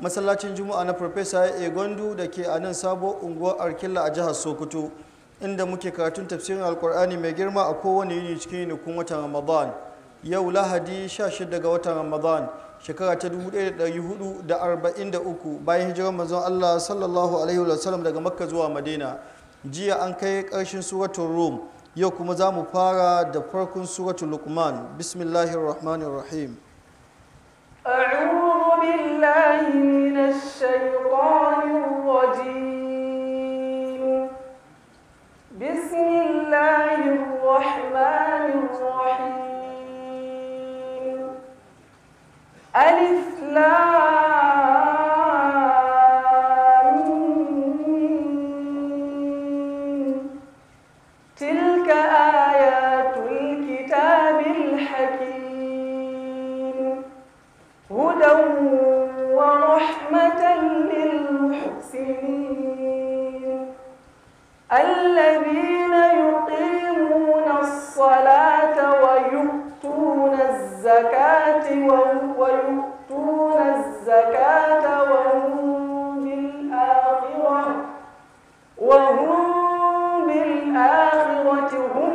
masallacin juma'a na farfesa ya gwandu da ke a nan sabo unguwar arkilla a jihar sokoto inda muke karatun tafsirin alkur'ani mai girma a kowane yini cikin yinikun watan ramadan yau lahadi 16 ga watan ramadan shekara ta 1443 bayan hijirar manzon allah sallallahu alaihi wasallam daga makka zuwa madina jiya an kai karshen suratun rom yau kuma za mu fara da farkon suratun lukman bismillahirrahmanirrahim بالله من الشيطان الرجيم بسم الله الرحمن الرحيم ألف لام الصلاة ويؤتون الزكاة ويؤتون الزكاة وهم بالآخرة وهم بالآخرة هم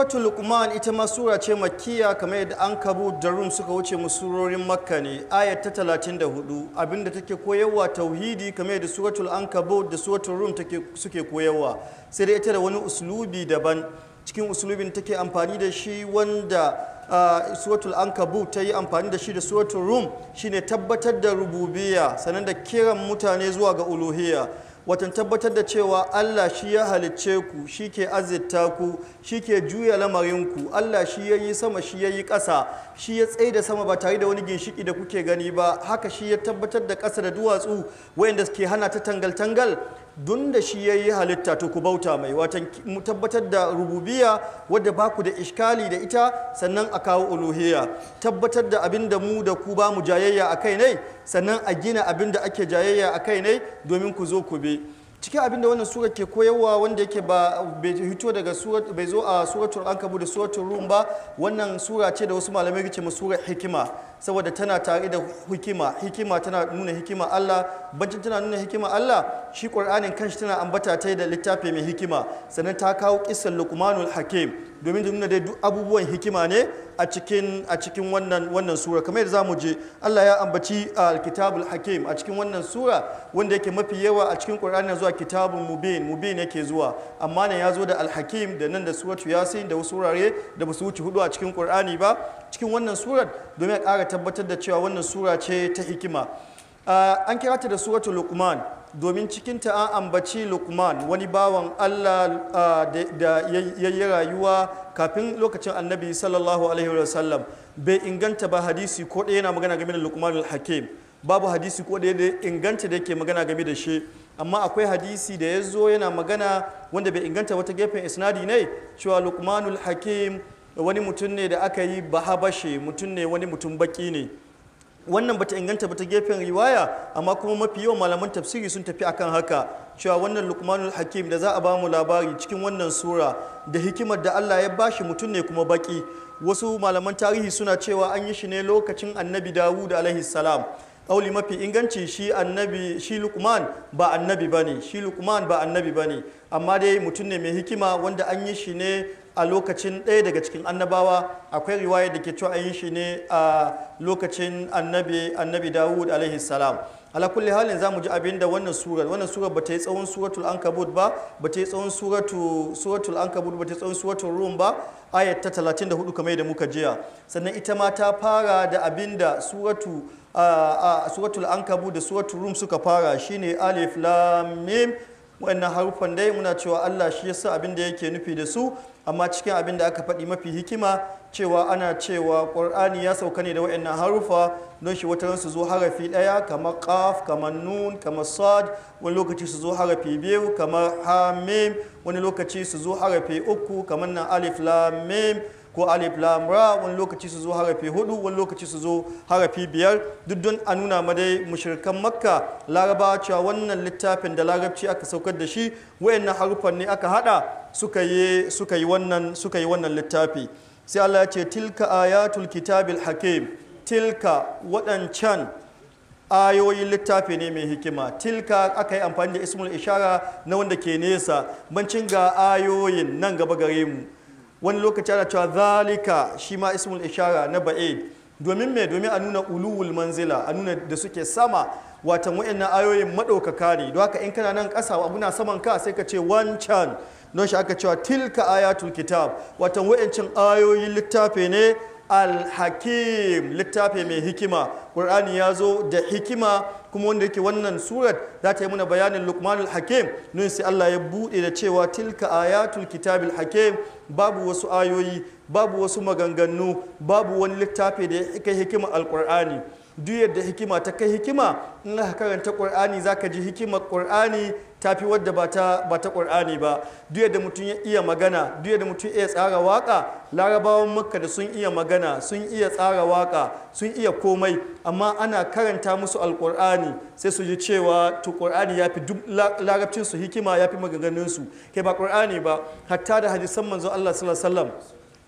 suratul lukman ita ma sura ce makkiya kamar yadda an kabu da rum suka wuce musurorin makka ne ayat ta 34 abinda take koyarwa tauhidi kamar yadda suratul ankabut da suratul rum take suke koyarwa sai dai ita da wani uslubi daban cikin uslubin take amfani da shi wanda uh, suratul ankabut ta yi amfani da shi da suratul rum shine tabbatar da rububiya sannan da kiran mutane zuwa ga uluhiya. watan tabbatar da cewa Allah shi ya halicce ku shi ke azirta ku shi ke juya lamarinku Allah shi ya yi sama shi ya yi ƙasa shi ya tsaye da sama ba tare da wani ginshiki da kuke gani ba haka shi ya tabbatar da ƙasa da duwatsu wayanda suke hana ta tangal-tangal don da shi ya yi halitta to ku bauta mai watan mu tabbatar da rububiya wadda ba ku da ishkali da ita sannan a kawo uluhiyya tabbatar da abin da mu da ku ba mu jayayya a kai ne sannan a gina abin da ake jayayya a kai ne domin ku zo ku bi cikin abinda wannan sura ke koyarwa wanda yake ba bai hito daga surat bai zo a suratul ankabu da suratul rum ba wannan sura ce da wasu malamai ke cewa sura hikima saboda tana tare da hikima hikima tana nuna hikima Allah bacin tana nuna hikima Allah shi Qur'anin kanshi tana ambata ta da littafi mai hikima sannan ta kawo qissal Luqmanul Hakim domin da nuna dai duk abubuwan hikima ne a cikin a cikin wannan wannan sura kamar yadda zamu je Allah ya ambaci ah, alkitabul hakim a cikin wannan sura wanda yake mafi yawa a cikin Qur'ani zuwa kitabun mubin mubin yake zuwa amma ne ya zo da alhakim da nan da suratu yasin da wasu wurare da basu wuce hudu a cikin Qur'ani ba cikin wannan surar domin a kara tabbatar da cewa wannan sura ce ta hikima ah, an kira ta da suratul luqman domin cikinta an ambaci lukman wani bawan allah da ya yi rayuwa kafin lokacin annabi sallallahu alaihi wasallam bai inganta ba hadisi ko ɗaya yana magana game da lukman al-hakim babu hadisi ko ɗaya da inganta da yake magana game da shi amma akwai hadisi da ya zo yana magana wanda bai inganta wata gefen isnadi ne cewa al hakim wani mutum ne da aka yi bahabashe mutum ne wani mutum baki ne wannan bata inganta bata gefen riwaya amma kuma mafi yawan malaman tafsiri sun tafi akan haka cewa wannan lukmanul hakim da za a bamu labari cikin wannan sura da hikimar da Allah ya bashi mutum ne kuma baki wasu malaman tarihi suna cewa an yi shi ne lokacin annabi dawud alaihi salam kauli mafi inganci shi annabi shi lukman ba annabi bane shi lukman ba annabi bane amma dai mutum ne mai hikima wanda an yi shi ne a lokacin ɗaya daga cikin annabawa akwai riwaya da ke cewa yin shi ne a lokacin annabi annabi dawud alaihi salam ala kulli halin za mu ji abin da wannan surar wannan surar ba ta yi tsawon suratul ankabut ba ba ta yi tsawon suratul ankabut ba ta yi tsawon suratul rum ba ayat ta 34 kamar da muka jiya sannan ita ma ta fara da abin da suratu suratul ankabut da suratul rum suka fara shine alif lam mim wannan haruffan dai muna cewa Allah shi yasa abin da yake nufi da su amma cikin abin da aka faɗi mafi hikima cewa ana cewa ƙur'ani ya sauka ne da wa'annan harufa don shi wata su zo harafi ɗaya kamar ƙaf, kamar nun kamar sad wani lokaci su zo harafi biyu kamar hamim wani lokaci su zo harafi uku kamar na alif lam ko alif lam ra wani lokaci su zo harafi hudu wani lokaci su zo harafi biyar duk don a nuna ma dai makka laraba cewa wannan littafin da larabci aka saukar da shi wayannan harufan ne aka hada suka yi wannan littafi sai Allah ya ce tilka ayatul kitabil hakim tilka waɗancan ayoyin littafi ne mai hikima tilka aka yi amfani da ismul ishara na wanda ke nesa bancin ga ayoyin nan gaba gare mu wani lokaci ana cewa zalika shi ma ismul ishara na ba'id domin me domin a nuna uluwul manzila a nuna da suke sama watan wa'annan ayoyin madaukaka ne don haka in kana nan ƙasa abuna saman ka sai ka ce wancan don shi aka cewa tilka ayatul kitab watan wa'ancin ayoyin littafi ne al-hakim littafi mai hikima ƙur'ani ya zo da hikima kuma wanda yake wannan surat za ta yi muna bayanin lukmanul hakim nun sai Allah ya buɗe da cewa tilka ayatul kitabil hakim babu wasu ayoyi babu wasu maganganu babu wani littafi da ya kai hikima al-ƙur'ani duk yadda hikima ta kai hikima in ka karanta ƙur'ani za ka ji hikimar ƙur'ani ta fi wadda ba ta ba ba duk yadda mutum ya iya magana duk yadda mutum iya tsara waka larabawan makka da sun iya magana sun iya tsara waka sun iya komai amma ana karanta musu alƙur'ani sai su ji cewa to ƙur'ani ya fi duk larabcin hikima ya fi maganganun su ba ƙur'ani ba hatta da hadisan manzo Allah sallallahu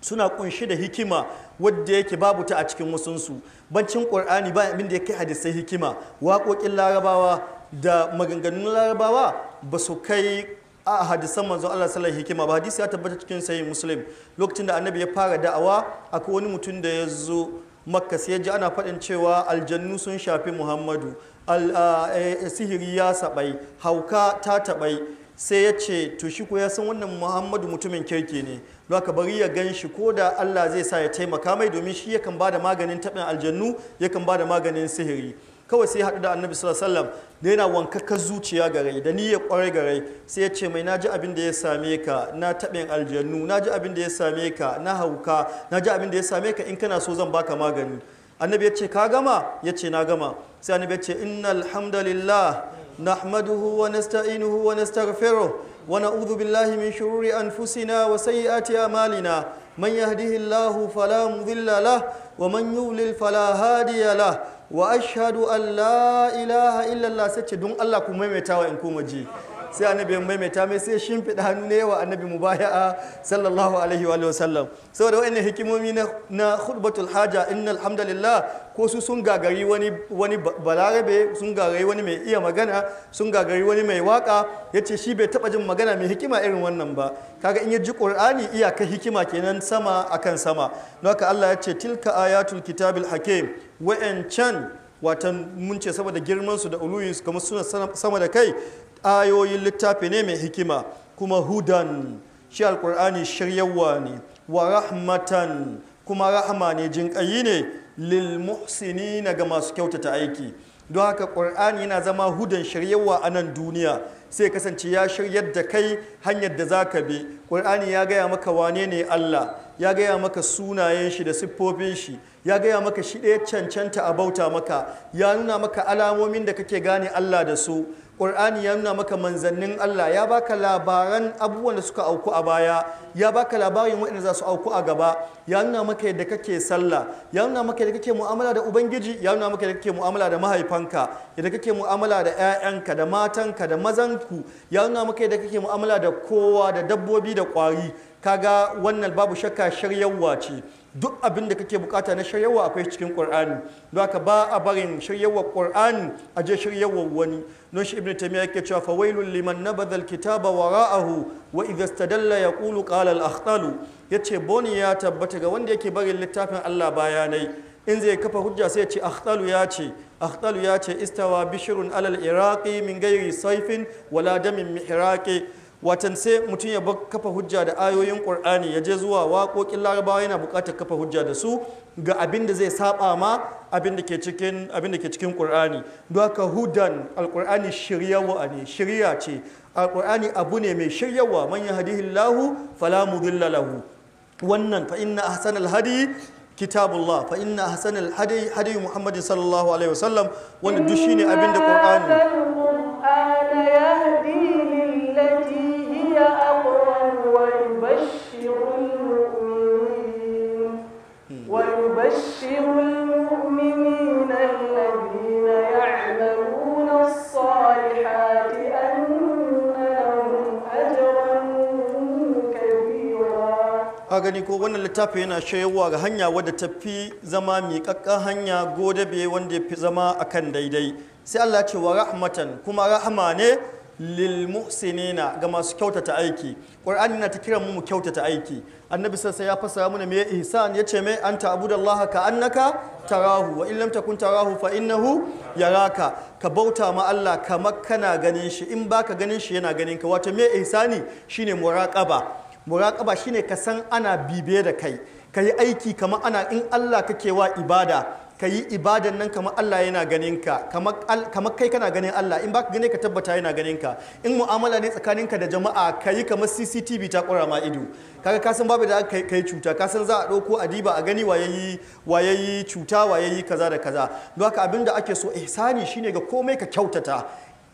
suna kunshi da hikima wadda yake babu ta a cikin wasunsu bancin ƙur'ani ba abin da ya kai hadisai hikima waƙoƙin larabawa da maganganun larabawa ba su kai a hadisan manzon Allah sallallahu hikima ba hadisi ya tabbata cikin sahih muslim lokacin da annabi ya fara da'awa akwai wani mutum da ya zo makka sai ya ji ana faɗin cewa aljannu sun shafi muhammadu eh, eh, sihiri ya sabai hauka ta taɓai sai ya ce to shi ko ya san wannan muhammadu mutumin kirki ne don haka bari ya gan shi ko da allah zai sa ya taimaka mai domin shi yakan ba da maganin taɓin aljannu yakan ba da maganin sihiri kawai sai haɗu da annabi sallallahu alaihi wasallam da yana wankakkar zuciya gare da niyyar kwarai ga rai sai ya ce mai naji abin da ya same ka na taɓin aljannu naji abin da ya same ka na hauka naji abin da ya same ka in kana so zan baka magani annabi ya ce ka gama ya ce na gama sai annabi ya ce innal hamdalillah nahmaduhu wa nasta'inuhu wa nastaghfiruh ونعوذ بالله من شرور أنفسنا وسيئات أعمالنا amalina يهده الله فلا مضل له ومن يولل فلا هادي له وأشهد أن لا إله إلا الله سيتش دون الله كميمة تاوى إنكم وجيه sai annabi ya ta mai sai shimfiɗa hannu ne wa annabi mubaya'a sallallahu alaihi wa sallam saboda wa'in hikimomi na khutbatul haja inna hamdalillah ko su sun gagari wani balarabe sun gagari wani mai iya magana sun gagari wani mai waka yace shi bai taba jin magana mai hikima irin wannan ba kaga in ya ji qur'ani iyaka hikima kenan sama akan sama don haka Allah ya ce tilka ayatul kitabil hakim can watan mun ce saboda girman su da uluyinsu kamar suna sama da kai ayoyin littafi ne mai hikima kuma hudan shi alkur'ani shiryarwa ne wa rahmatan kuma rahama ne jinƙayi ne lil na ga masu kyautata aiki don haka ƙur'ani yana zama hudan shiryawa a nan duniya sai kasance ya shiryar da kai hanyar da za ka bi ƙur'ani ya gaya maka wane ne allah ya gaya maka sunayen shi da siffofin shi ya gaya maka shi ɗaya cancanta a bauta maka ya nuna maka alamomin da kake gane Allah da su ƙur'ani ya nuna maka manzannin Allah ya baka labaran abubuwan da suka auku a baya ya baka labarin waɗanda za su auku a gaba ya nuna maka yadda kake sallah ya nuna maka yadda kake mu'amala da ubangiji ya nuna maka yadda kake mu'amala da mahaifanka yadda kake mu'amala da 'ya'yanka da matanka da mazanku ya nuna maka yadda kake mu'amala da kowa da dabbobi da ƙwari kaga wannan babu shakka shiryawa ce duk abin da kake bukata na shiryawa akwai cikin Qur'ani don haka ba a barin shiryawar Qur'ani a je shiryawar wani don shi Ibn Taymiyyah yake cewa fa wailul liman nabadha alkitaba wara'ahu wa idha istadalla yaqulu qala al-akhtalu yace boni ya tabbata ga wanda yake barin littafin Allah bayanai in zai kafa hujja sai ya ce akhtalu ya ce akhtalu ya ce istawa bishirun alal iraqi min gairi saifin wala damin mihraqi watan sai mutum ya bar kafa hujja da ayoyin qur'ani ya je zuwa waƙoƙin larabawa yana buƙatar kafa hujja da su ga abin da zai saba ma abin da ke cikin abin da ke cikin qur'ani don haka hudan alqur'ani shiryawa ne shirya ce alqur'ani abu ne mai shiryawa man yahdihillahu fala mudilla lahu wannan fa inna ahsanal hadi kitabullah fa inna ahsanal hadi hadi muhammad sallallahu alaihi wasallam wanda duk shine abin da qur'ani Hmm. A gani ko wannan littafin yana shayarwa ga hanya wadda ta fi zama miƙaƙƙa hanya godabe wanda ya fi zama akan daidai sai Allah ce wa rahmatan kuma rahama ne lil muhsinina ga masu kyautata aiki qur'ani na ta kiran mu mu kyautata aiki annabi Sassan ya fasara mana me ihsan yace mai anta abudallaha ka annaka tarahu wa illam takun tarahu fa innahu yaraka ka bauta ma Allah kamar kana ganin shi in baka ganin shi yana ganin ka wato me ihsani shine muraqaba muraqaba shine ka san ana bibe da kai ka aiki kamar ana in Allah kake wa ibada ka yi ibadan nan kamar Allah yana ganin ka kamar kai kana ganin Allah in baka gane ka tabbata yana ganin ka in mu'amala ne ka da jama'a ka yi kamar CCTV ta kura ma ido kaga ka san babu da aka kai cuta ka san za a ɗauko adiba a gani wayayi wayayi cuta wayayi kaza da kaza don haka abin ake so ihsani shine ga komai ka kyautata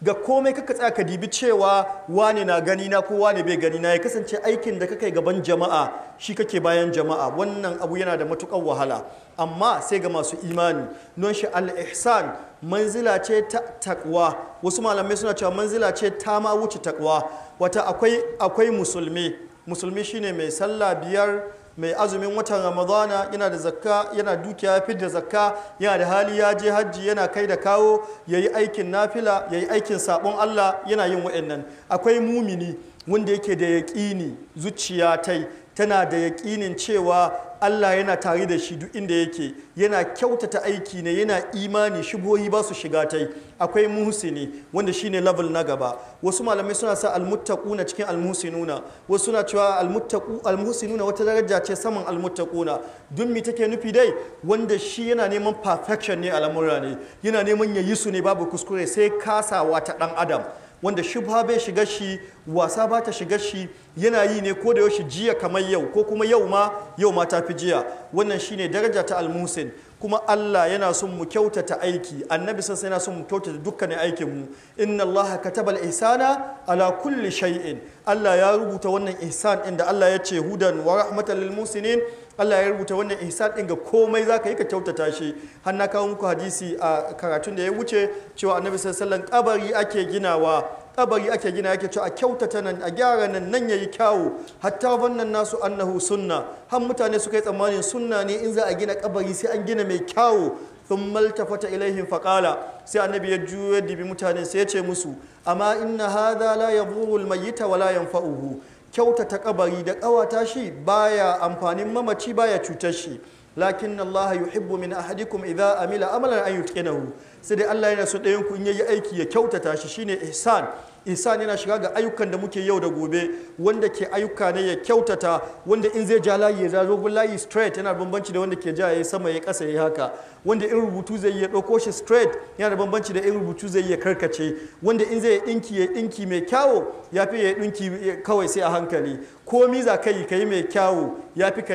ga komai kaka tsaya ka dibi cewa wane na gani na ko wane bai gani na ya kasance aikin da kakai gaban jama'a shi kake bayan jama'a wannan abu yana da matukar wahala amma sai ga masu imani non shi al-ihsan manzila ce ta takwa wasu malamai suna cewa manzila ce ta ma wuce takwa wata akwai akwai musulmi musulmi shine mai sallah biyar mai azumin watan ramadana yana da zakka yana dukiya ya fidda zakka yana da hali ya je hajji yana kai da kawo yayi aikin nafila yayi aikin sabon Allah yana yin wa'annan akwai mumini wanda yake da yaƙini zuciya tai tana da yaƙinin cewa Allah yana tare da shi duk inda yake yana kyautata aiki ne yana imani shigoyi ba su shiga tai akwai muhsini wanda shine level na gaba wasu malamai suna sa almuttaquna cikin almuhsinuna wasu suna cewa almuttaqu almuhsinuna wata daraja ce saman almuttaquna duk mi take nufi dai wanda shi yana neman perfection ne al'amura ne yana neman yayi su ne babu kuskure sai kasawa ta dan adam wanda shubha bai shiga shi wasa ba ta shiga shi yana yi ne ko da yaushe jiya kamar yau ko kuma yau ma yau ma ta fi jiya wannan shine daraja ta almusin kuma Allah yana son mu kyautata aiki annabi sai yana son mu kyautata dukkanin aikin mu inna Allah katabal ihsana ala kulli shay'in Allah ya rubuta wannan ihsan inda Allah ya ce hudan wa rahmatan lil musinin Allah ya rubuta wannan ihsan din ga komai zaka yi ka kyautata shi har na kawo muku hadisi a karatun da ya wuce cewa annabi sallallahu alaihi wasallam kabari ake ginawa kabari ake gina yake cewa a kyautata nan a gyara nan nan yayi kyawu hatta wannan nasu annahu sunna har mutane suka yi tsammanin sunna ne in za a gina kabari sai an gina mai kyawu sun maltafata ilaihin faƙala sai annabi ya juya dibi mutane sai ya ce musu amma inna hadha la yaburu almayyita wa yanfa'uhu kyautata kabari da kawata shi baya amfanin mamaci baya cutar shi lakin Allah yuhibbu min ahadikum idza amila amalan an yutqinahu sai dai Allah yana so ɗayan ku in yayi aiki ya kyautata shi shine ihsan ihsan yana shiga ga ayyukan da muke yau da gobe wanda ke ayyuka ne ya kyautata wanda in zai ja layi ya zazo layi straight yana da bambanci da wanda ke ja ya sama ya kasa ya haka wanda in rubutu zai ya ɗauko shi straight yana da bambanci da in rubutu zai ya karkace wanda in zai inki ya ɗinki mai kyawu ya fi ya ɗinki eh, kawai sai a hankali ko miza kai ka mai kyawu ya fi ka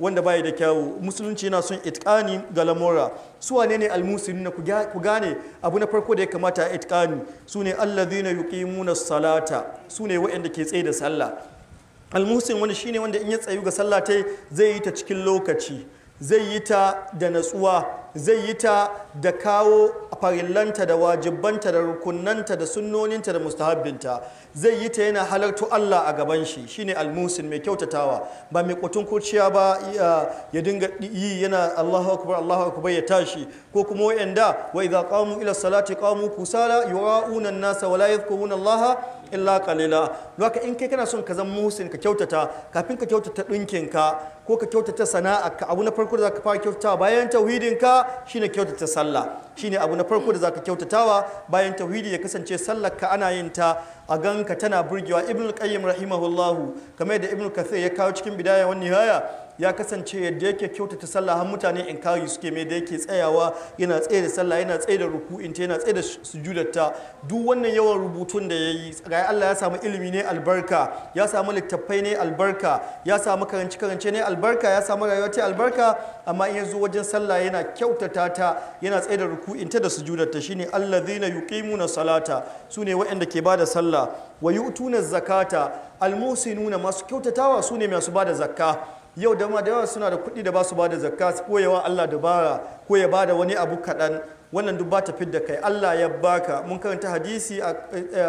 wanda bai da kyawu musulunci yana son itkani ga lamura su wane ne almusulmi ku gane abu na farko da ya kamata a itkani su ne yuqimu yuqimuna salata sune waɗanda ke tsaye da sallah almusin wani shine wanda in ya tsayu ga sallah tai zai yi ta cikin lokaci zai yi ta da natsuwa zai yi ta da kawo farillanta da wajibanta da rukunanta da sunnoninta da mustahabbinta zai yi ta yana halartu Allah a gaban shi shine almusin mai kyautatawa ba mai kutun kurciya ba ya dinga yi yana Allahu akbar Allahu akbar ya tashi ko kuma wayanda wa idza qamu ila salati qamu kusala yura'una an-nasa wa la yadhkuruna Allah illa kalila haka in kai kana son ka zama muhsin ka kyautata kafin ka kyautata ɗinkin ka ko ka kyautata sana'a ka abu na farko da zaka fara kyautata bayan tauhidin ka shine kyautata sallah shine abu na farko da zaka kyautatawa bayan tauhidi ya kasance sallar ka ana yin ta a ganka tana burgewa ibnu qayyim rahimahullahu kamar da ibnu kathir ya kawo cikin bidaya wannan nihaya ya kasance yadda yake kyautata sallah har mutane in kari suke mai da yake tsayawa yana tsaye da sallah yana tsaye da ruku'in ta yana tsaye da sujudatta duk wannan yawan rubutun da yayi ga Allah ya samu ilimi ne albarka ya samu littattafai ne albarka ya samu karanci karance ne albarka ya samu rayuwa ta albarka amma in zo wajen sallah yana kyautata ta yana tsaye da ruku'in ta da sujudatta shine allazina yuqimuna salata sune waɗanda ke bada sallah wa yu'tuna zakata almusinuna masu kyautatawa sune masu bada zakka yau da da yawa suna da kuɗi da ba su ba da zakka su koyawa Allah dabara ko ya ba da wani abu kaɗan wannan duk ba ta fidda kai Allah ya baka mun karanta hadisi a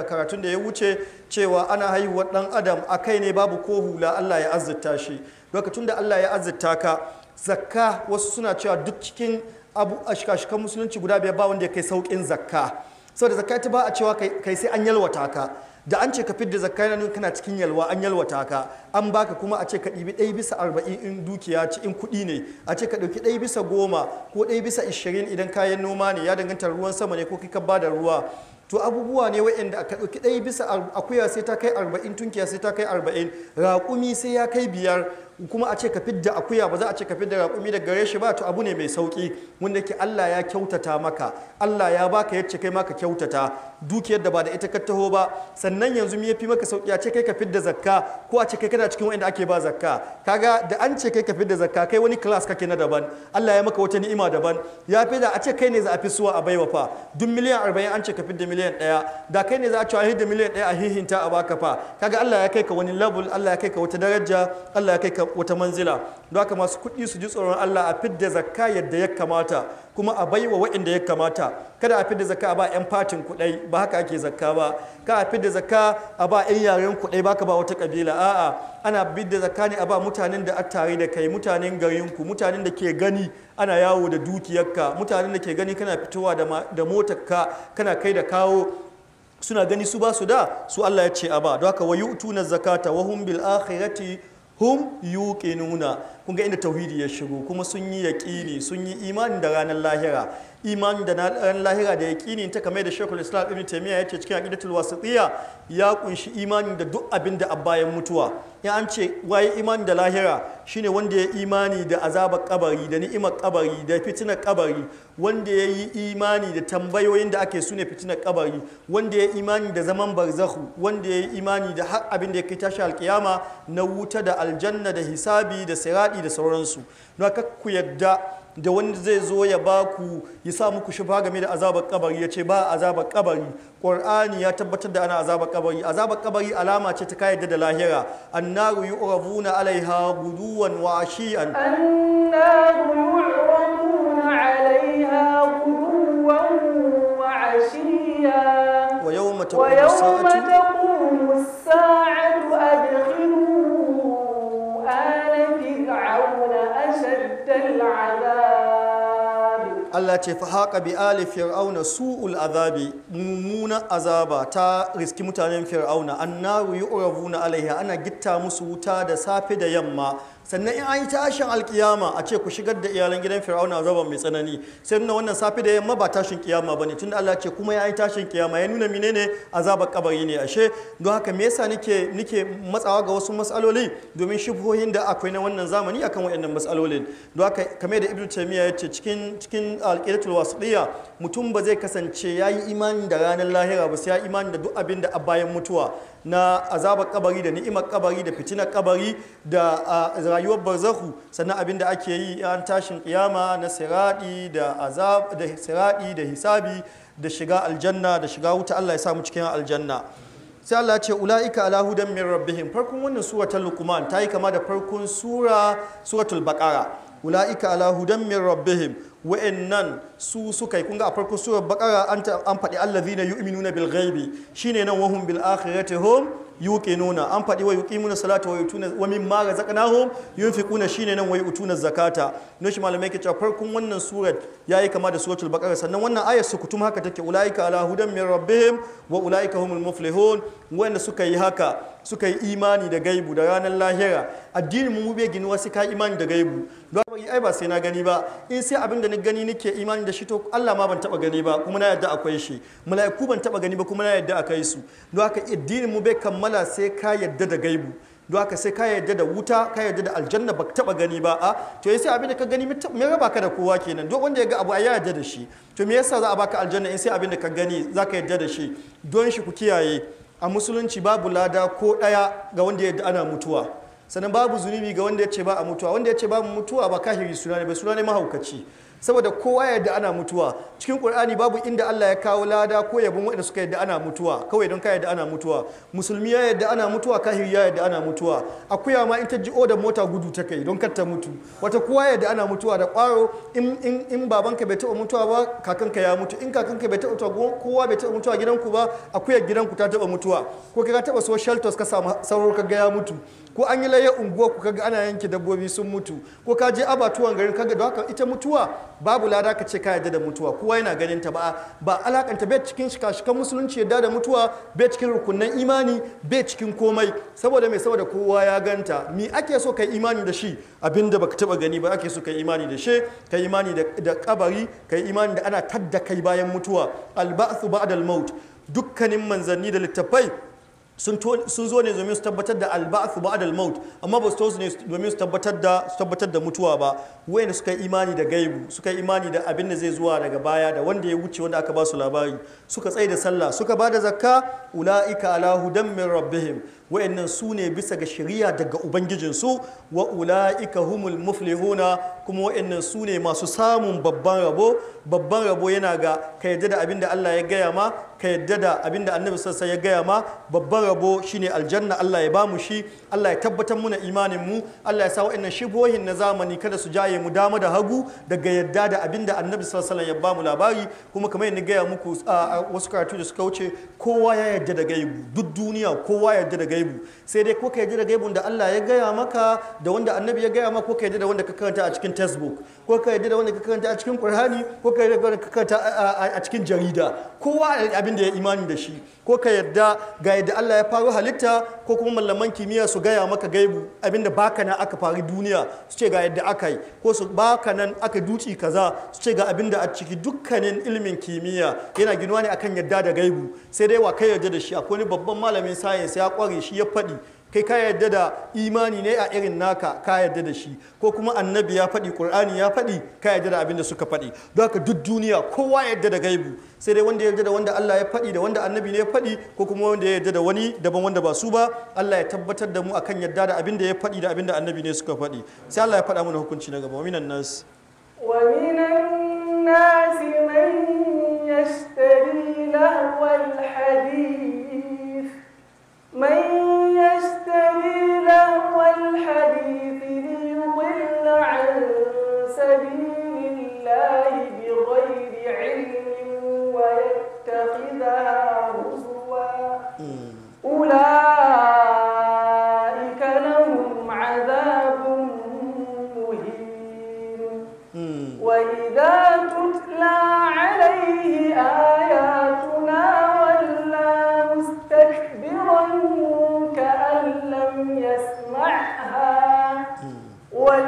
karatun da ya wuce cewa ana haihuwar ɗan adam a kai ne babu ko hula Allah ya azurta shi lokacin da Allah ya azurta ka zakka wasu suna cewa duk cikin abu a shikashikan musulunci guda biyar ba wanda ya kai sauƙin zakka saboda zakka ta ba a cewa kai sai an yalwata ka da an ce ka fidda zakka yana kana cikin yalwa an yalwata ka an baka kuma a ce ka ɗibi ɗaya bisa arba'in in dukiya ci in kuɗi ne a ce ka ɗauki ɗaya bisa goma ko ɗaya bisa ishirin idan kayan noma ne ya danganta ruwan sama ne ko kai ka bada ruwa to abubuwa ne waɗanda ka ɗauki ɗaya bisa akuya sai ta kai arba'in tunkiya sai ta kai arba'in raƙumi sai ya kai biyar kuma a ce ka fidda akuya ba za a ce ka fidda raƙumi daga gare shi ba to abu ne mai sauki wanda yake Allah ya kyautata maka Allah ya baka yace kai maka kyautata dukiyar da ba da ita ka taho ba sannan yanzu me yafi maka sauki a ce kai ka fidda zakka ko a ce kai kana cikin wanda ake ba zakka kaga da an ce kai ka fidda zakka kai wani class kake na daban Allah ya maka wata ni'ima daban ya fi da a ce kai ne za a fi suwa a baiwa fa duk miliyan 40 an ce ka fidda miliyan 1 da kai ne za a ci a hidda miliyan 1 a hihinta a baka fa kaga Allah ya kai ka wani level Allah ya kai ka wata daraja Allah ya kai ka wata manzila don haka masu kuɗi su ji tsoron Allah a fidda zakka yadda ya kamata kuma a bai wa waɗanda ya kamata kada a fidda zakka a ba 'yan fatin kuɗai ba haka ake zakka ba ka a fidda zakka a ba 'yan yaren kuɗai ba ka ba wata kabila a'a ana fidda zakka ne a ba mutanen da atare da kai mutanen garinku mutanen da ke gani ana yawo da dukiyarka mutanen da ke gani kana fitowa da motarka kana kai da kawo suna gani su ba su da su Allah ya ce a ba don haka wa yu'tuna zakata wa hum bil akhirati hum yuqinuna kun ga inda tauhidi ya shigo kuma sun yi yaqini sun yi imani da ranar lahira imani da na ɗan lahira da yaqini ta kamar da shekul Islam Ibn ya ce cikin Aqidatul Wasitiyya ya ƙunshi imani da duk abin da bayan mutuwa ya an ce waye imani da lahira shine wanda ya imani da azabar kabari da ni'imar kabari da fitinar kabari wanda ya yi imani da tambayoyin da ake sune fitinar kabari wanda ya imani da zaman barzahu wanda ya yi imani da har abin da ya kai tashi alkiyama na wuta da aljanna da hisabi da siradi da sauransu don ku yadda da wani zai zo ya ba ku ya sa muku shifa game da azabar kabari ya ce ba azabar kabari qur'ani ya tabbatar da ana azabar kabari azabar kabari alama ce ta kayyade da lahira annaru yu'rabuna alaiha guduwan wa ashiyan annaru yu'rabuna alaiha guduwan wa ashiya wa yawma taqumu as-sa'atu Allah ce fa haka bi ali fir'auna su'ul azabi Mummuna azaba ta riski mutanen fir'auna annaru yu'rabuna alaiha ana gitta musu wuta da safe da yamma sannan in an yi tashin alkiyama a ce ku shigar da iyalan gidan fir'auna zaba mai tsanani sai nuna wannan safi da yamma ba tashin kiyama ba ne tunda Allah ce kuma ya yi tashin kiyama ya nuna menene azabar kabari ne ashe don haka me yasa nike nike matsawa ga wasu matsaloli domin shubhohin da akwai na wannan zamani akan waɗannan matsalolin don haka kamar da ibnu taymiya ya ce cikin cikin wasu wasiliya mutum ba zai kasance ya yi imani da ranar lahira ba sai ya imani da duk abin da a bayan mutuwa na azabar kabari da ni'imar kabari da fitinar kabari da rayuwar barzahu sannan abin da ake yi an tashin kiyama na siradi da azab da siradi da hisabi da shiga aljanna da shiga wuta Allah ya sa mu cikin aljanna sai Allah ce ula'ika ala hudan min rabbihim farkon wannan suratul luqman ta yi kama da farkon sura suratul baqara ula'ika ala hudan min rabbihim wa'annan su suka Kun kunga a farko surar bakara an faɗi allazina yu'minuna bil ghaibi shine nan wahum bil akhirati hum yuqinuna an faɗi wa yuqimuna salata wa yutuna wa mimma razaqnahum yunfiquna shine nan wa yutuna zakata no shi malamai ke cewa farkon wannan yayi kama da suratul baqara sannan wannan ayar su kutum haka take ulaika ala hudan min rabbihim wa ulaika humul muflihun wanda suka yi haka suka yi imani da gaibu da ranar lahira addinin mu bai gini wasu ka imani da gaibu labari ai ba sai na gani ba in sai abin da ni gani nake imani da shi to Allah ma ban taba gani ba kuma na yadda akwai shi mala'iku ban taba gani ba kuma na yadda akai su don haka addinin mu bai kammala sai ka yadda da gaibu don haka sai ka yadda da wuta ka yadda da aljanna ba taba gani ba a to sai abin da ka gani mai raba ka da kowa kenan duk wanda ya ga abu a yadda da shi to me yasa za a baka aljanna in sai abin da ka gani za ka yadda da shi don shi ku kiyaye a musulunci babu lada ko ɗaya ga wanda ya ana mutuwa sannan babu zunubi ga wanda ya ce ba a mutuwa wanda ya ce ba mutuwa ba kahiri suna ne bai suna ne mahaukaci saboda kowa ya yadda ana mutuwa cikin qur'ani babu inda Allah ya kawo lada ko yabon waɗanda suka yadda ana mutuwa kawai don ka yadda ana mutuwa musulmi ya yadda ana mutuwa kahiri ya yadda ana mutuwa akuya ma in ta ji oda mota gudu ta kai don ta mutu wata kowa ya yadda ana mutuwa da ƙwaro, in babanka bai taɓa mutuwa ba kakanka ya mutu in kakanka bai taɓa mutuwa kowa bai taɓa mutuwa gidanku ba akuyar gidanku ta taɓa mutuwa ko ka taɓa so shelters ka samu sauro ka ga ya mutu ko an yi layar unguwa ku kaga ana yanke dabbobi sun mutu ko ka je abatuwan garin kaga don haka ita mutuwa babu lada ka ce ka yarda da mutuwa kowa yana ganin ta ba ba alakanta bai cikin shikashikan musulunci yadda da mutuwa bai cikin rukunan imani bai cikin komai saboda mai saboda kowa ya ganta mi ake so kai imani da shi abinda baka taba gani ba ake so kai imani da shi kai imani da kabari kai imani da ana tadda kai bayan mutuwa al ba'su maut dukkanin manzanni da littafai sun zo ne domin su tabbatar da alba'athu ba da maut amma ba su zo ne domin su tabbatar da su da mutuwa ba wayanda suka yi imani da gaibu suka yi imani da abin da zai zuwa daga baya da wanda ya wuce wanda aka ba su labari suka tsaye da sallah suka ba da zakka ulaika ala hudan min rabbihim wayannan su ne bisa ga shari'a daga ubangijin su wa ulaika humul muflihuna kuma wayannan su ne masu samun babban rabo babban rabo yana ga ka yadda da abin da Allah ya gaya ma ka yadda da abinda annabi sassa ya gaya ma babban rabo shine aljanna Allah ya ba mu shi Allah ya tabbatar muna imanin mu Allah ya sa wa'annan shibohin na zamani kada su jaye mu dama da hagu daga yadda da abinda annabi sassa ya ba mu labari kuma kamar yadda gaya muku a wasu karatu da suka wuce kowa ya yadda da gaibu duk duniya kowa ya yadda da gaibu sai dai ko ka yadda da gaibun da Allah ya gaya maka da wanda annabi ya gaya maka ko ka yadda da wanda ka karanta a cikin textbook ko ka yadda da wanda ka karanta a cikin Qur'ani ko ka yadda da wanda ka karanta a cikin jarida kowa abin da ya imani da shi ko ka yarda ga yadda Allah ya faru halitta ko kuma mallaman kimiyya su gaya maka gaibu abinda baka nan aka faru duniya su ce ga yadda aka yi ko su baka nan aka duci kaza su ce ga abinda a ciki dukkanin ilimin kimiyya yana ginuwa ne akan yadda da gaibu sai dai wa kai yarda da shi akwai wani babban malamin science ya kware shi ya faɗi kai ka yadda da imani ne a irin naka ka yadda da shi ko kuma annabi ya faɗi ƙur'ani ya faɗi ka yadda da abin da suka faɗi don haka duk duniya kowa yadda da gaibu sai dai wanda ya yarda da wanda Allah ya faɗi da wanda annabi ne ya faɗi ko kuma wanda ya yarda da wani daban wanda ba su ba Allah ya tabbatar da mu akan yarda da abin da ya faɗi da abin da annabi ne suka faɗi sai Allah ya faɗa mana hukunci na gaba minan nas wa minan nas man yashtari lahwal hadith man عن سبيل الله بغير علم ويتخذها هزوا أولئك لهم عذاب مهين وإذا تتلى عليه آياته sai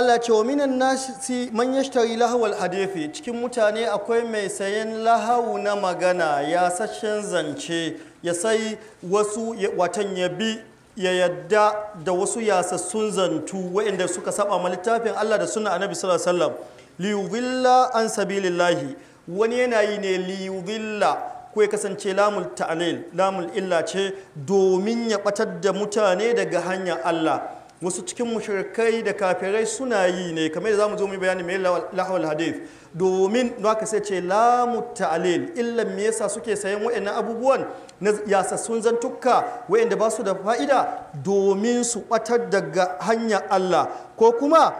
Allah ce wa minan nasi man yashtari lahawal hadithi cikin mutane akwai mai sayan lahawu na magana ya sashen zance ya sai wasu watan ya bi ya yadda da wasu yasassun zantu waɗanda suka saba ma littafin Allah da sunna annabi sallallahu alaihi wasallam liyudilla an sabilillahi wani yanayi ne liyudilla ko ya kasance lamul ta'lil lamul illa ce domin ya batar da mutane daga hanyar Allah wasu cikin mushrikai da kafirai suna yi ne kamar da zamu zo mu bayani mai lahawal hadith domin aka sai ce la muta'alil illa me yasa suke sayan wayannan abubuwan na yasassun zantukka wayanda ba su da fa'ida domin su batar daga hanyar Allah ko kuma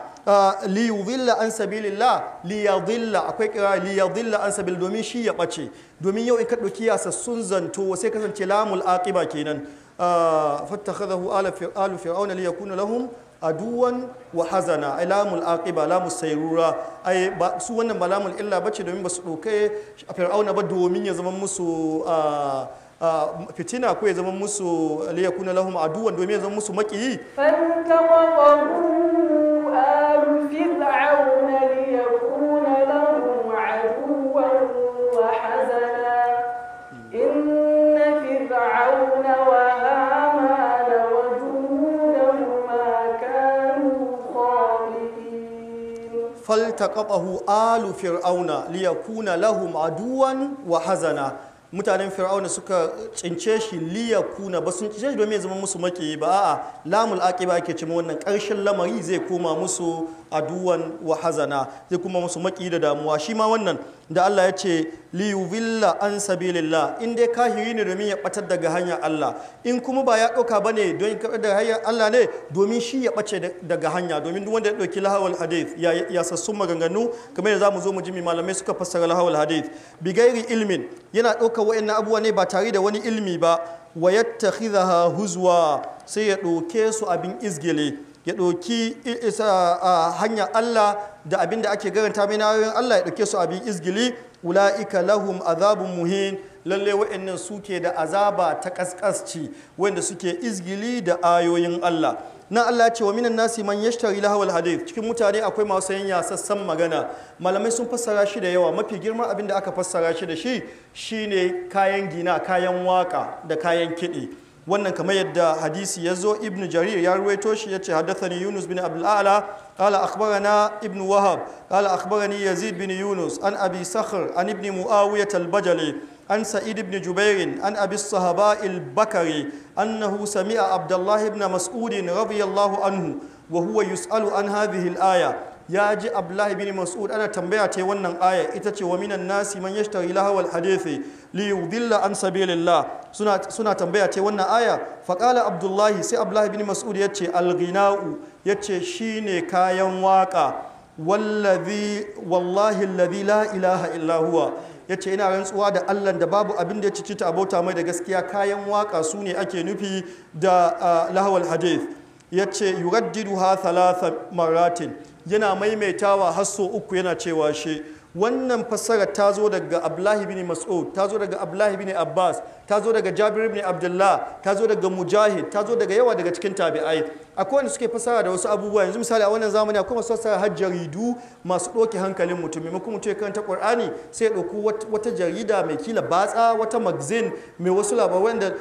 li yudilla an sabilillah li yadilla akwai kira li yadilla an sabil domin shi ya bace domin yau in ka yasa sun zanto sai kasance lamul aqiba kenan fattakhadahu alu fir'auna liyakuna lahum aduwan wa hazana lamul aqiba lamu sayrura su wannan ba lamul illa bace domin ba su a fir'auna ba domin ya zama musu fitina ko ya zama musu liyakuna lahum aduwan domin musu makiyi faltaqabahu alu fir'auna liyakuna lahum aduwan wa hazana mutanen fir'auna suka cince shi liyakuna ba sun cince shi domin ya zama musu makiyi ba a'a lamul aqiba ake cimo wannan karshen lamari zai koma musu aduwan wa hazana zai kuma musu maki da damuwa shi ma wannan da Allah ya ce li yuvilla an sabilillah in dai kahiri ne domin ya batar daga hanyar Allah in kuma ba ya dauka bane don ya daga hanyar Allah ne domin shi ya bace daga hanya domin duk wanda ya ɗauki lahawal hadith ya ya sassun maganganu kamar yadda mu zo mu ji malamai suka fassara lahawal hadith bi gairi ilmin yana dauka wa'annan abuwa ne ba tare da wani ilmi ba wa yattakhidha huzwa sai ya ɗauke su abin izgile ya ɗauki hanyar Allah da abin da ake garanta mai nayoyin Allah ya ɗauke su abin izgili ula'ika lahum azabun muhin lalle wa'annan suke da azaba ta ƙasƙasci wanda suke izgili da ayoyin Allah na Allah ce wa minan nasi man yashtari lahawal hadith cikin mutane akwai masu yin sassan magana malamai sun fassara shi da yawa mafi girma abin da aka fassara shi da shi shine kayan gina kayan waka da kayan kiɗi wannan kamar yadda hadisi ya zo ibn jarir ya ruwaito shi ya ce haddathani yunus bin abdul ala qala akhbarana ibn wahab qala akhbarani yazid bin yunus an abi sakhr an ibn muawiyah al-bajali an sa'id bin jubair an abi sahaba al-bakari annahu sami'a abdullah ibn mas'ud radiyallahu anhu wa huwa yus'alu an hadhihi al-aya ya ji abdullahi bin mas'ud ana tambaya ta wannan aya ita ce wa minan nasi man yashtari lahawal hadithi li yudilla an sabilillah suna suna tambaya ta wannan aya faƙala abdullahi sai abdullahi bin mas'ud yace ya ce yace shine kayan waka wallazi wallahi alladhi la ilaha illa huwa yace ina rantsuwa da Allah da babu abin da ya cicita abota mai da gaskiya kayan waka sune ake nufi da ah, lahawal hadith ya ce yuraddidu ha thalatha maratin yana maimaitawa sau uku yana cewa shi wannan fassara ta zo daga ablahi bin mas'ud ta zo daga ablahi bin abbas ta zo daga jabir bin abdullah ta zo daga mujahid ta zo daga yawa daga cikin tabi'ai akwai wanda suke fasara da wasu abubuwa yanzu misali a wannan zamani akwai masu fasara har jaridu masu ɗoke hankalin mutum maimakon mutum ya karanta ƙur'ani sai ya ɗauko wata jarida mai kila batsa wata magazine mai wasu labarai wanda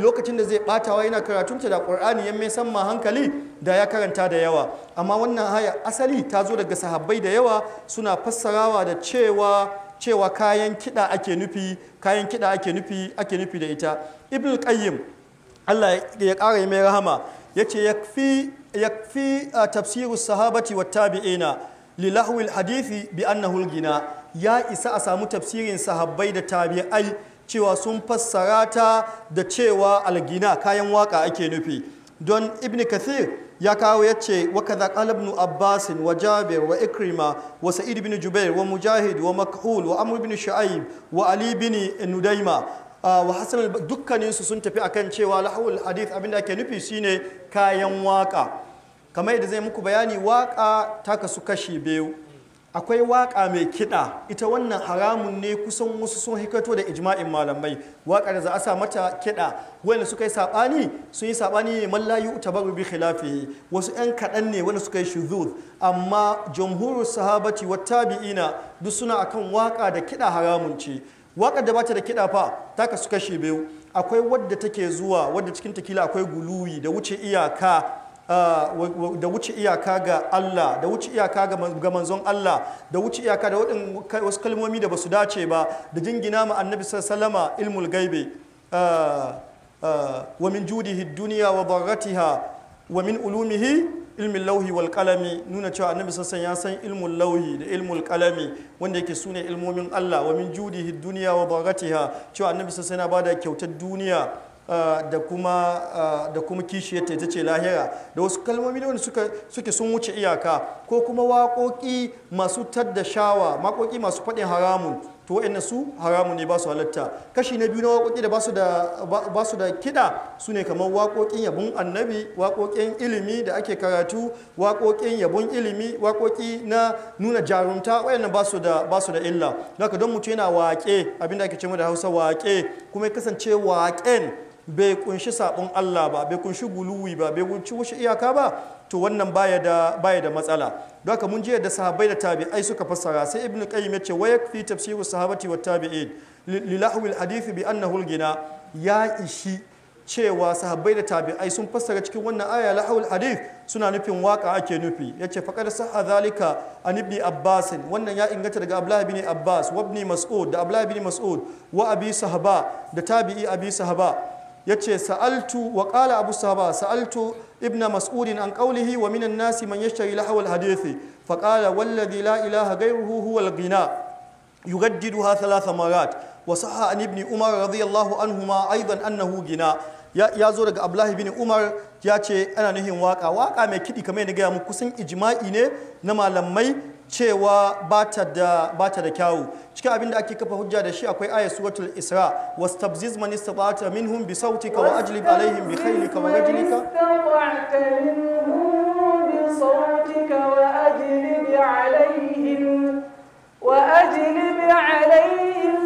lokacin da zai ɓatawa yana karatun ta da ƙur'ani ya mai san ma hankali da ya karanta da yawa amma wannan haya asali ta zo daga sahabbai da yawa suna fassarawa da cewa cewa kayan kiɗa ake nufi kayan kiɗa ake nufi ake nufi da ita ibnu qayyim Allah ya ƙara mai rahama yace yakfi yakfi tafsiru sahabati wa tabi'ina li lahwil hadithi bi annahu gina ya isa a samu tafsirin sahabbai da tabi'ai cewa sun fassara ta da cewa algina kayan waka ake nufi don ibn kathir ya kawo ya ce wa kaza qala ibn abbas wa jabir wa ikrima wa sa'id ibn jubair wa mujahid wa makhul wa amr ibn shu'aib wa ali ibn nudaima Ah, wa hasan dukkaninsu sun tafi akan cewa lahawul hadith abinda ke nufi shine kayan waka kamar yadda zai muku bayani waka ta kasu kashi biyu akwai waka mai kiɗa ita wannan haramun ne kusan wasu sun hikato da ijma'in malamai waka da za a sa mata kiɗa wanda suka yi saɓani sun yi saɓani ne mallayu ta baru bi khilafi wasu 'yan kaɗan ne wanda suka yi shuzud amma jamhurin sahabati wa tabi'ina duk suna akan waka da kiɗa haramun ce waƙar da bata da kiɗa fa ta kasu kashe biyu akwai wadda take zuwa wadda cikin takila akwai guluwi da wuce iyaka ah, da wuce iyaka ga Allah da wuce iyaka ga manzon Allah da wuce iyaka da wasu kalmomi da basu dace ba da jingina ma annabi sallama ilmul gaibe ah, ah, wa min judihi duniya wa baratiha wa min ulumihi ilmin lauhi wal kalami nuna cewa annabi sassan ya san ilmin lauhi da ilmin kalami wanda yake sune ilmomin Allah wa min judihi duniya wa baratiha cewa annabi sassan yana bada kyautar duniya ah, da kuma ah, da kuma kishiyarta ita ce lahira da wasu kalmomi da wanda suke sun wuce iyaka ko kuma waƙoƙi masu tadda shawa waƙoƙi masu faɗin haramun to wa'in su haramun ne ba su halatta kashi na biyu na waƙoƙi da ba su da kiɗa su ne kamar waƙoƙin yabon annabi waƙoƙin ilimi da ake karatu waƙoƙin yabon ilimi waƙoƙi na nuna jarumta wa'annan ba su da da illa haka don mutu yana waƙe abinda ake ce mu da hausa waƙe kuma ya kasance waƙen bai kunshi sabon Allah ba bai kunshi guluwi ba bai kunshi iyaka ba to wannan baya da baya da matsala don haka mun je da sahabbai da tabi'ai suka fassara sai ibnu qayyim yace wa yakfi tafsiru sahabati wa tabi'in lilahwi alhadith bi annahu alghina ya ishi cewa sahabai da tabi'ai sun fassara cikin wannan aya lahawul hadith suna nufin waka ake nufi yace faqad sahha zalika an ibni abbas wannan ya inganta daga abdullahi ibn abbas wa ibn mas'ud da abdullahi ibn mas'ud wa abi sahaba da tabi'i abi sahaba ya ce sa'altu wa ƙala abu saba sa'altu ibna mas'udin an ƙaulihi wa minan nasi man yashtari lahawal hadithi fa ƙala wallazi la ilaha gairuhu huwal ghina yugaddiduha thalatha marat wa sahha an ibni umar radiyallahu anhuma aidan annahu gina ya zo daga abdullahi bin umar ya ce ana nuhin waka waka mai kiɗi kamar yadda gaya mu kusan ijma'i ne na malamai cewa ba ta da kyawu cikin abin da ake kafa hujja da shi akwai ayat suratul isra wastabziz man istata minhum bi sautika wa ajlib alaihim bi khaylika wa rajlika وأجلب عليهم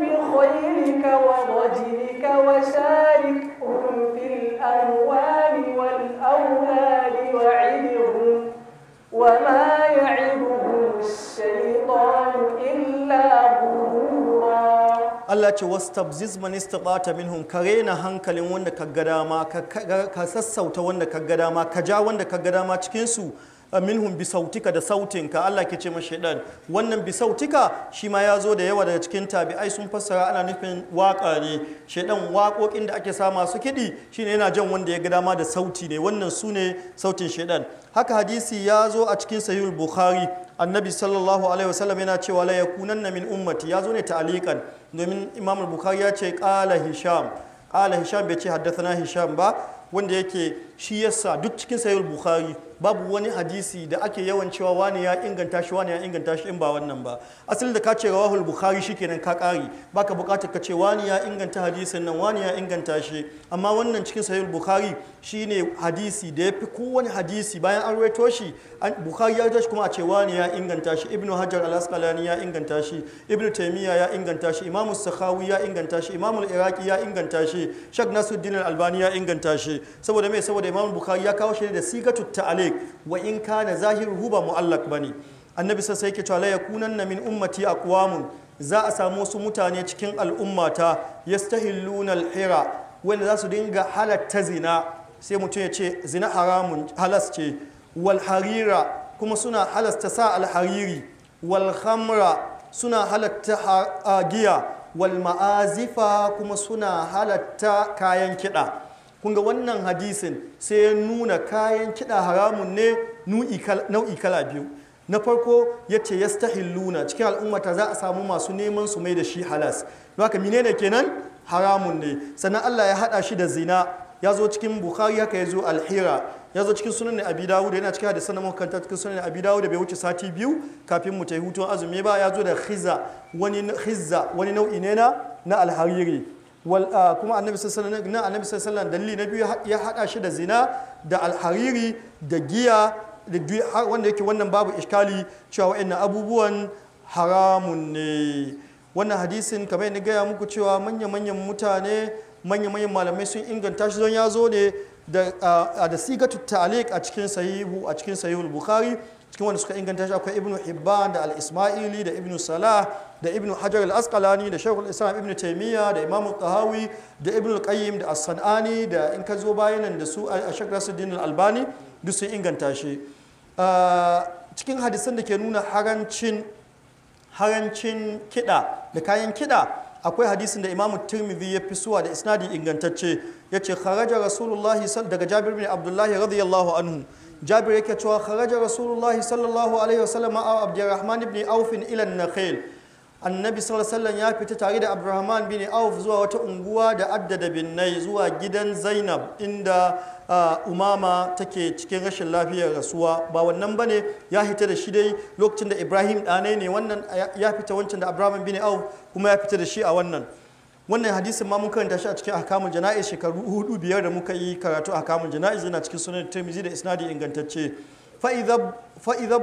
بخيلك ورجلك وشاركهم في الأموال والأولاد وعدهم وما يعدهم الشيطان إلا غرورا Allah ce wasu wastabziz man istata minhum ka rena hankalin wanda ka ga dama ka sassauta wanda ka ga dama ka ja wanda ka ga dama cikin su minhum bi sautika da sautinka Allah ke ce ma shaidan wannan bi sautika shi ma ya zo da yawa daga cikin tabi'ai sun fassara ana nufin waka ne shaidan waƙoƙin da ake sa masu kiɗi shine yana jan wanda ya ga dama da sauti ne wannan su ne sautin shaidan haka hadisi ya zo a cikin sahihul bukhari annabi sallallahu alaihi wasallam yana cewa la yakunanna min ummati ya zo ne ta'alikan domin imam al-bukhari ya ce qala hisham qala hisham bai ce haddathana hisham ba wanda yake shi yasa duk cikin sahihul bukhari babu wani hadisi da ake yawan cewa wani ya inganta shi wani ya inganta shi in ba wannan ba asali da ka ce rawahul bukhari shikenan ka kare baka bukatar ka ce wani ya inganta hadisin nan wani ya inganta shi amma wannan cikin sahihul bukhari shine hadisi da yafi kowane hadisi bayan an rawaito shi bukhari ya rawaito shi kuma a ce wani ya inganta shi ibnu hajar al asqalani ya inganta shi ibnu taymiya ya inganta shi imamu sakhawi ya inganta shi imamu iraqi ya inganta shi shak nasuddin al albani ya inganta shi saboda me saboda imamu bukhari ya kawo shi da sigatu ta'alik wa in kana zahiruhu ba mu'allaq bane annabi sai sai yake cewa la yakunanna min ummati aqwamun za a samu wasu mutane cikin al'ummata yastahilluna al-hira wanda za su dinga halatta zina sai mutum ya ce zina haramun halas ce wal harira kuma suna halasta sa alhariri wal khamra suna halatta agiya wal ma'azifa kuma suna halatta kayan kiɗa kun ga wannan hadisin sai ya nuna kayan kiɗa haramun ne nau'i kala biyu na farko ya ce ya luna cikin al'ummata za a samu masu neman su mai da shi halas haka menene kenan haramun ne sannan Allah ya haɗa shi da zina ya zo cikin bukhari haka ya zo alhira ya zo cikin sunan abi dawud yana cikin hadisan na kanta cikin sunan abi dawud bai wuce sati biyu kafin mu tayi hutun azumi ba ya zo da khizza wani khizza wani nau'i ne na na alhariri Ah, kuma annabi sallallahu na annabi dalili na biyu ya haɗa shi da zina da alhariri da giya da wanda yake wannan babu iskali cewa wa'annan abubuwan haramun ne wannan hadisin kamar yadda gaya muku cewa manya-manyan mutane manya-manyan malamai sun inganta shi don ya zo ne da ah, sigatu talik a cikin sahihu a cikin sahihul bukhari cikin wanda suka inganta shi akwai ibnu hibban da al-ismaili da ibnu salah da ibn hajar al-asqalani da shaykhul islam ibn taymiya da imamu tahawi da ibn qayyim da as-sanani da in ka zo bayanan da su a shaykh rasuddin albani duk sun inganta shi ah, cikin hadisan da ke nuna harancin harancin kiɗa da kayan kiɗa akwai hadisin da imamu tirmidhi ya fi suwa da isnadi ingantacce ya ce kharaja rasulullahi daga jabir bin abdullahi radiyallahu anhu jabir yake cewa kharaja rasulullahi sallallahu alaihi wasallam a abdurrahman ibn auf ila nakhil annabi sallallahu ya fita tare da abrahman bin auf zuwa wata unguwa da addada binnai zuwa gidan zainab inda uh, umama take cikin rashin lafiyar rasuwa ba wannan ba ne ya fita da shi dai lokacin da ibrahim ɗane ne wannan ya fita wancan da abrahman bin auf kuma ya fita da shi a wannan wannan hadisin ma mun karanta shi a cikin ahkamul jana'iz shekaru hudu biyar da muka yi karatu ahkamul jana'iz yana cikin sunan tirmidhi da isnadi ingantacce fa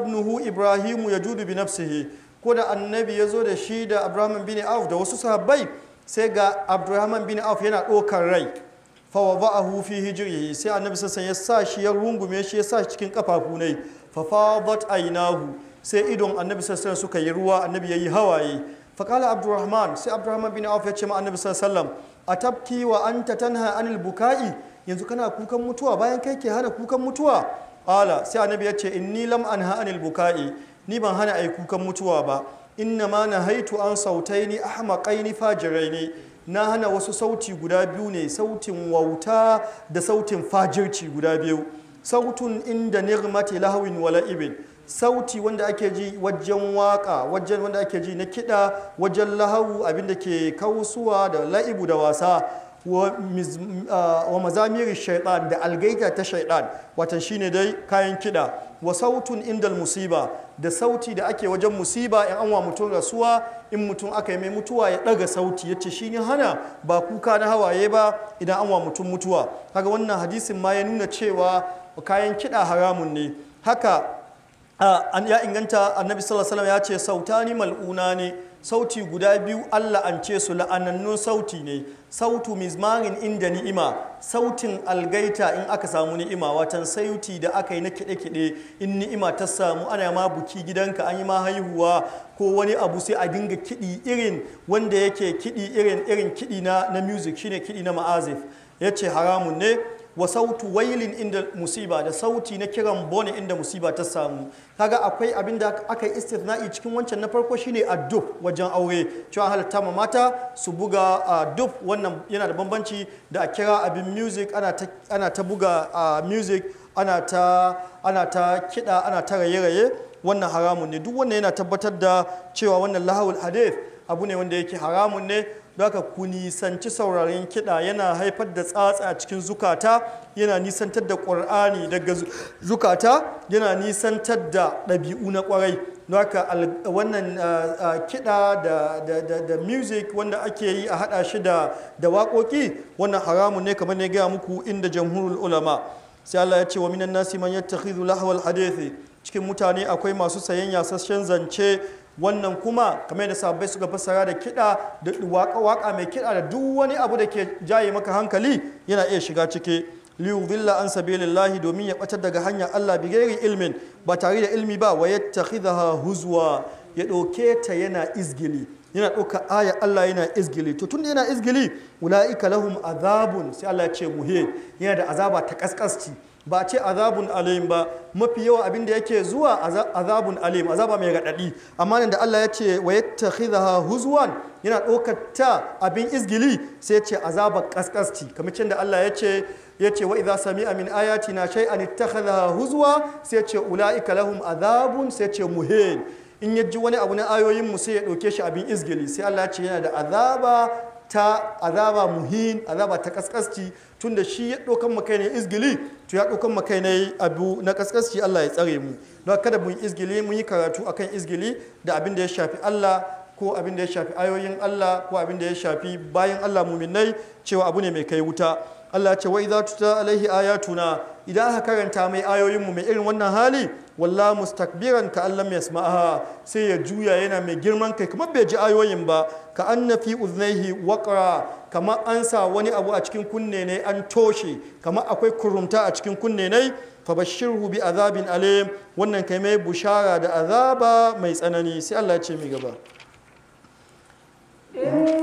nuhu ibrahimu yajudu bi nafsihi ko da annabi ya zo da shi da abdurrahman bin auf da wasu sahabbai sai ga abdurrahman bin auf yana ɗaukar rai fawa ba a hufi hijiri sai annabi sassan ya sa shi ya rungume shi ya sa shi cikin kafafu ne fafadat ainahu sai idon annabi sassan suka yi ruwa annabi ya yi hawaye faƙala abdurrahman sai abdurrahman bin auf ya ce ma annabi sassan a tabki wa an ta tanha anil buka'i yanzu kana kukan mutuwa bayan kai ke hana kukan mutuwa Ala, sai annabi ya ce in ni lam ha anil buka'i ni ban hana a yi kukan mutuwa ba inna ma na haitu an sautai ni ahmaƙai ni fajirai ne na hana wasu sauti guda biyu ne sautin wauta da sautin fajirci guda biyu sautun inda nirmati lahawin wala ibin sauti wanda ake ji wajen waka wajen wanda ake ji na kiɗa wajen lahawu abinda ke kausuwa da la'ibu da wasa wa ah, mazamirin shaiɗan da algaita ta shaiɗan watan shine dai kayan kiɗa wa sautun indal musiba da sauti da ake wajen musiba in an mutum rasuwa in mutum aka yi mai mutuwa ya ɗaga sauti ya ce shi ne hana ba kuka na hawaye ba idan an wa mutum mutuwa kaga wannan hadisin ma ya nuna cewa kayan kiɗa haramun ne haka ya inganta annabi sallallahu ya ce sautani mal'una ne sauti guda biyu Allah an ce su la'anannun sauti ne sautu mizmarin inda ni'ima sautin algaita in aka samu ni'ima watan sauti da aka yi na kiɗe-kiɗe in ni'ima ta samu ana ma buki gidanka an yi ma haihuwa ko wani abu sai a dinga kiɗi irin wanda yake kiɗi irin irin kiɗi na na music shine kiɗi na ma'azif yace haramun ne wa sautu wailin inda musiba da sauti na kiran bone inda musiba ta samu kaga akwai abin da aka yi istithna'i cikin wancan na farko shine addub wajen aure cewa halatta ma mata su buga addub wannan yana da bambanci da a kira abin music ana ta buga music ana ta kiɗa ana ta raye-raye wannan haramun ne duk wannan yana tabbatar da cewa wannan lahawul hadith abu ne wanda yake haramun ne haka ku nisanci sauraren kiɗa yana haifar da tsatsa a cikin zukata yana nisantar da ƙur'ani daga zukata yana nisantar da ɗabi'u na ƙwarai don haka wannan kiɗa da music wanda ake yi a haɗa shi da waƙoƙi wannan haramun ne kamar ne gaya muku inda jamhurul ulama sai Allah ya ce wa minan nasi man yattakhidhu lahwal hadithi cikin mutane akwai masu sayen yasasshen zance wannan kuma kamar da sabai suka fassara da kiɗa da waka-waka mai kiɗa da duk wani abu da ke jaye maka hankali yana iya shiga ciki liyudilla an sabilillahi domin ya ɓatar daga hanya. Allah bi gairi ilmin ba tare da ilmi ba wa yattakhidha huzwa ya ɗauke ta yana izgili yana ɗauka aya Allah yana izgili to tun da yana izgili ulaika lahum azabun sai Allah ce muhe yana da azaba ta kaskasci ba ce azabun alim ba mafi yawa abin da yake zuwa azabun alim azaba mai raɗaɗi amma nan da Allah ya ce wa yattakhidha huzwan yana ɗaukata abin izgili sai ya ce azabar kaskasti kamar da Allah ya ce ya ce wa idza sami'a min ayatina shay'an ittakhadha huzwa sai ce ulaika lahum azabun sai ce muhin in ya ji wani abu na ayoyin mu sai ya ɗauke shi abin izgili sai Allah ce yana da azaba ta azaba muhin azaba ta kaskasci tunda shi ya dokan makai ne izgili to ya dokan makai ne abu na kaskasci Allah ya tsare mu don kada mun izgili mun yi karatu akan izgili da abin da ya shafi Allah ko abin da ya shafi ayoyin Allah ko abin da ya shafi bayan Allah muminai cewa abu ne mai kai wuta Allah ce wai za ta alaihi ayatuna idan aka karanta mai ayoyinmu mai irin wannan hali walla mustakbiran ka Allah mai sai ya juya yana mai girman kai kuma bai ji ayoyin ba ka an na fi uznaihi waqra kamar an sa wani abu a cikin kunne ne an toshe kamar akwai kurumta a cikin kunne ne fabashirhu bi azabin alim wannan kai mai bushara da azaba mai tsanani sai Allah ya ce mai gaba eh.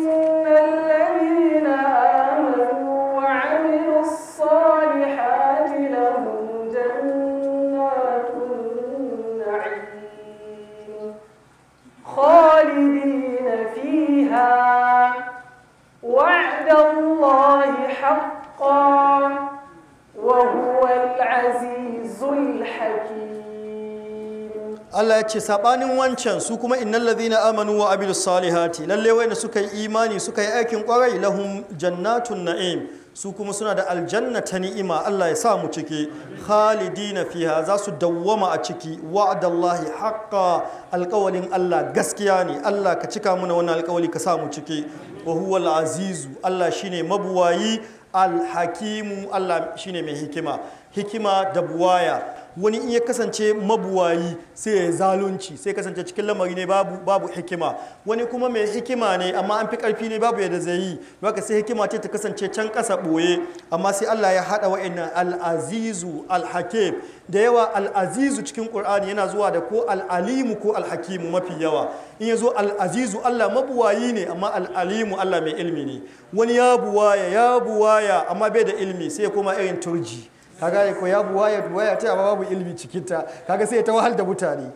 ce saɓanin wancan su kuma innal lazina amanu wa amilus salihati lalle wayanda suka yi imani suka yi aikin kwarai lahum jannatun na'im su kuma suna da aljanna ta ni'ima Allah ya sa mu ciki khalidina fiha za su dawwama a ciki wa'adallahi haqqa alƙawalin Allah gaskiya ne Allah ka cika muna wannan alƙawali ka sa mu ciki wa huwal azizu Allah shine mabuwayi alhakimu Allah shine mai hikima hikima da buwaya wani in ya kasance mabuwayi sai ya zalunci sai kasance cikin lamari ne babu hikima wani kuma mai hikima ne amma an fi karfi ne babu yadda zai yi haka sai hikima ce ta kasance can kasa boye amma sai Allah ya hada wa'annan al'azizu azizu al-hakim da yawa al-azizu cikin Qur'ani yana zuwa da ko al'alimu ko al-hakimu mafi yawa in ya zo al-azizu Allah mabuwayi ne amma al'alimu Allah mai ilmi ne wani ya buwaya ya buwaya amma bai da ilmi sai ya koma irin turji kaga ko ya buwaya buwaya ta babu ilimi cikin ta kaga sai ta wahal da mutane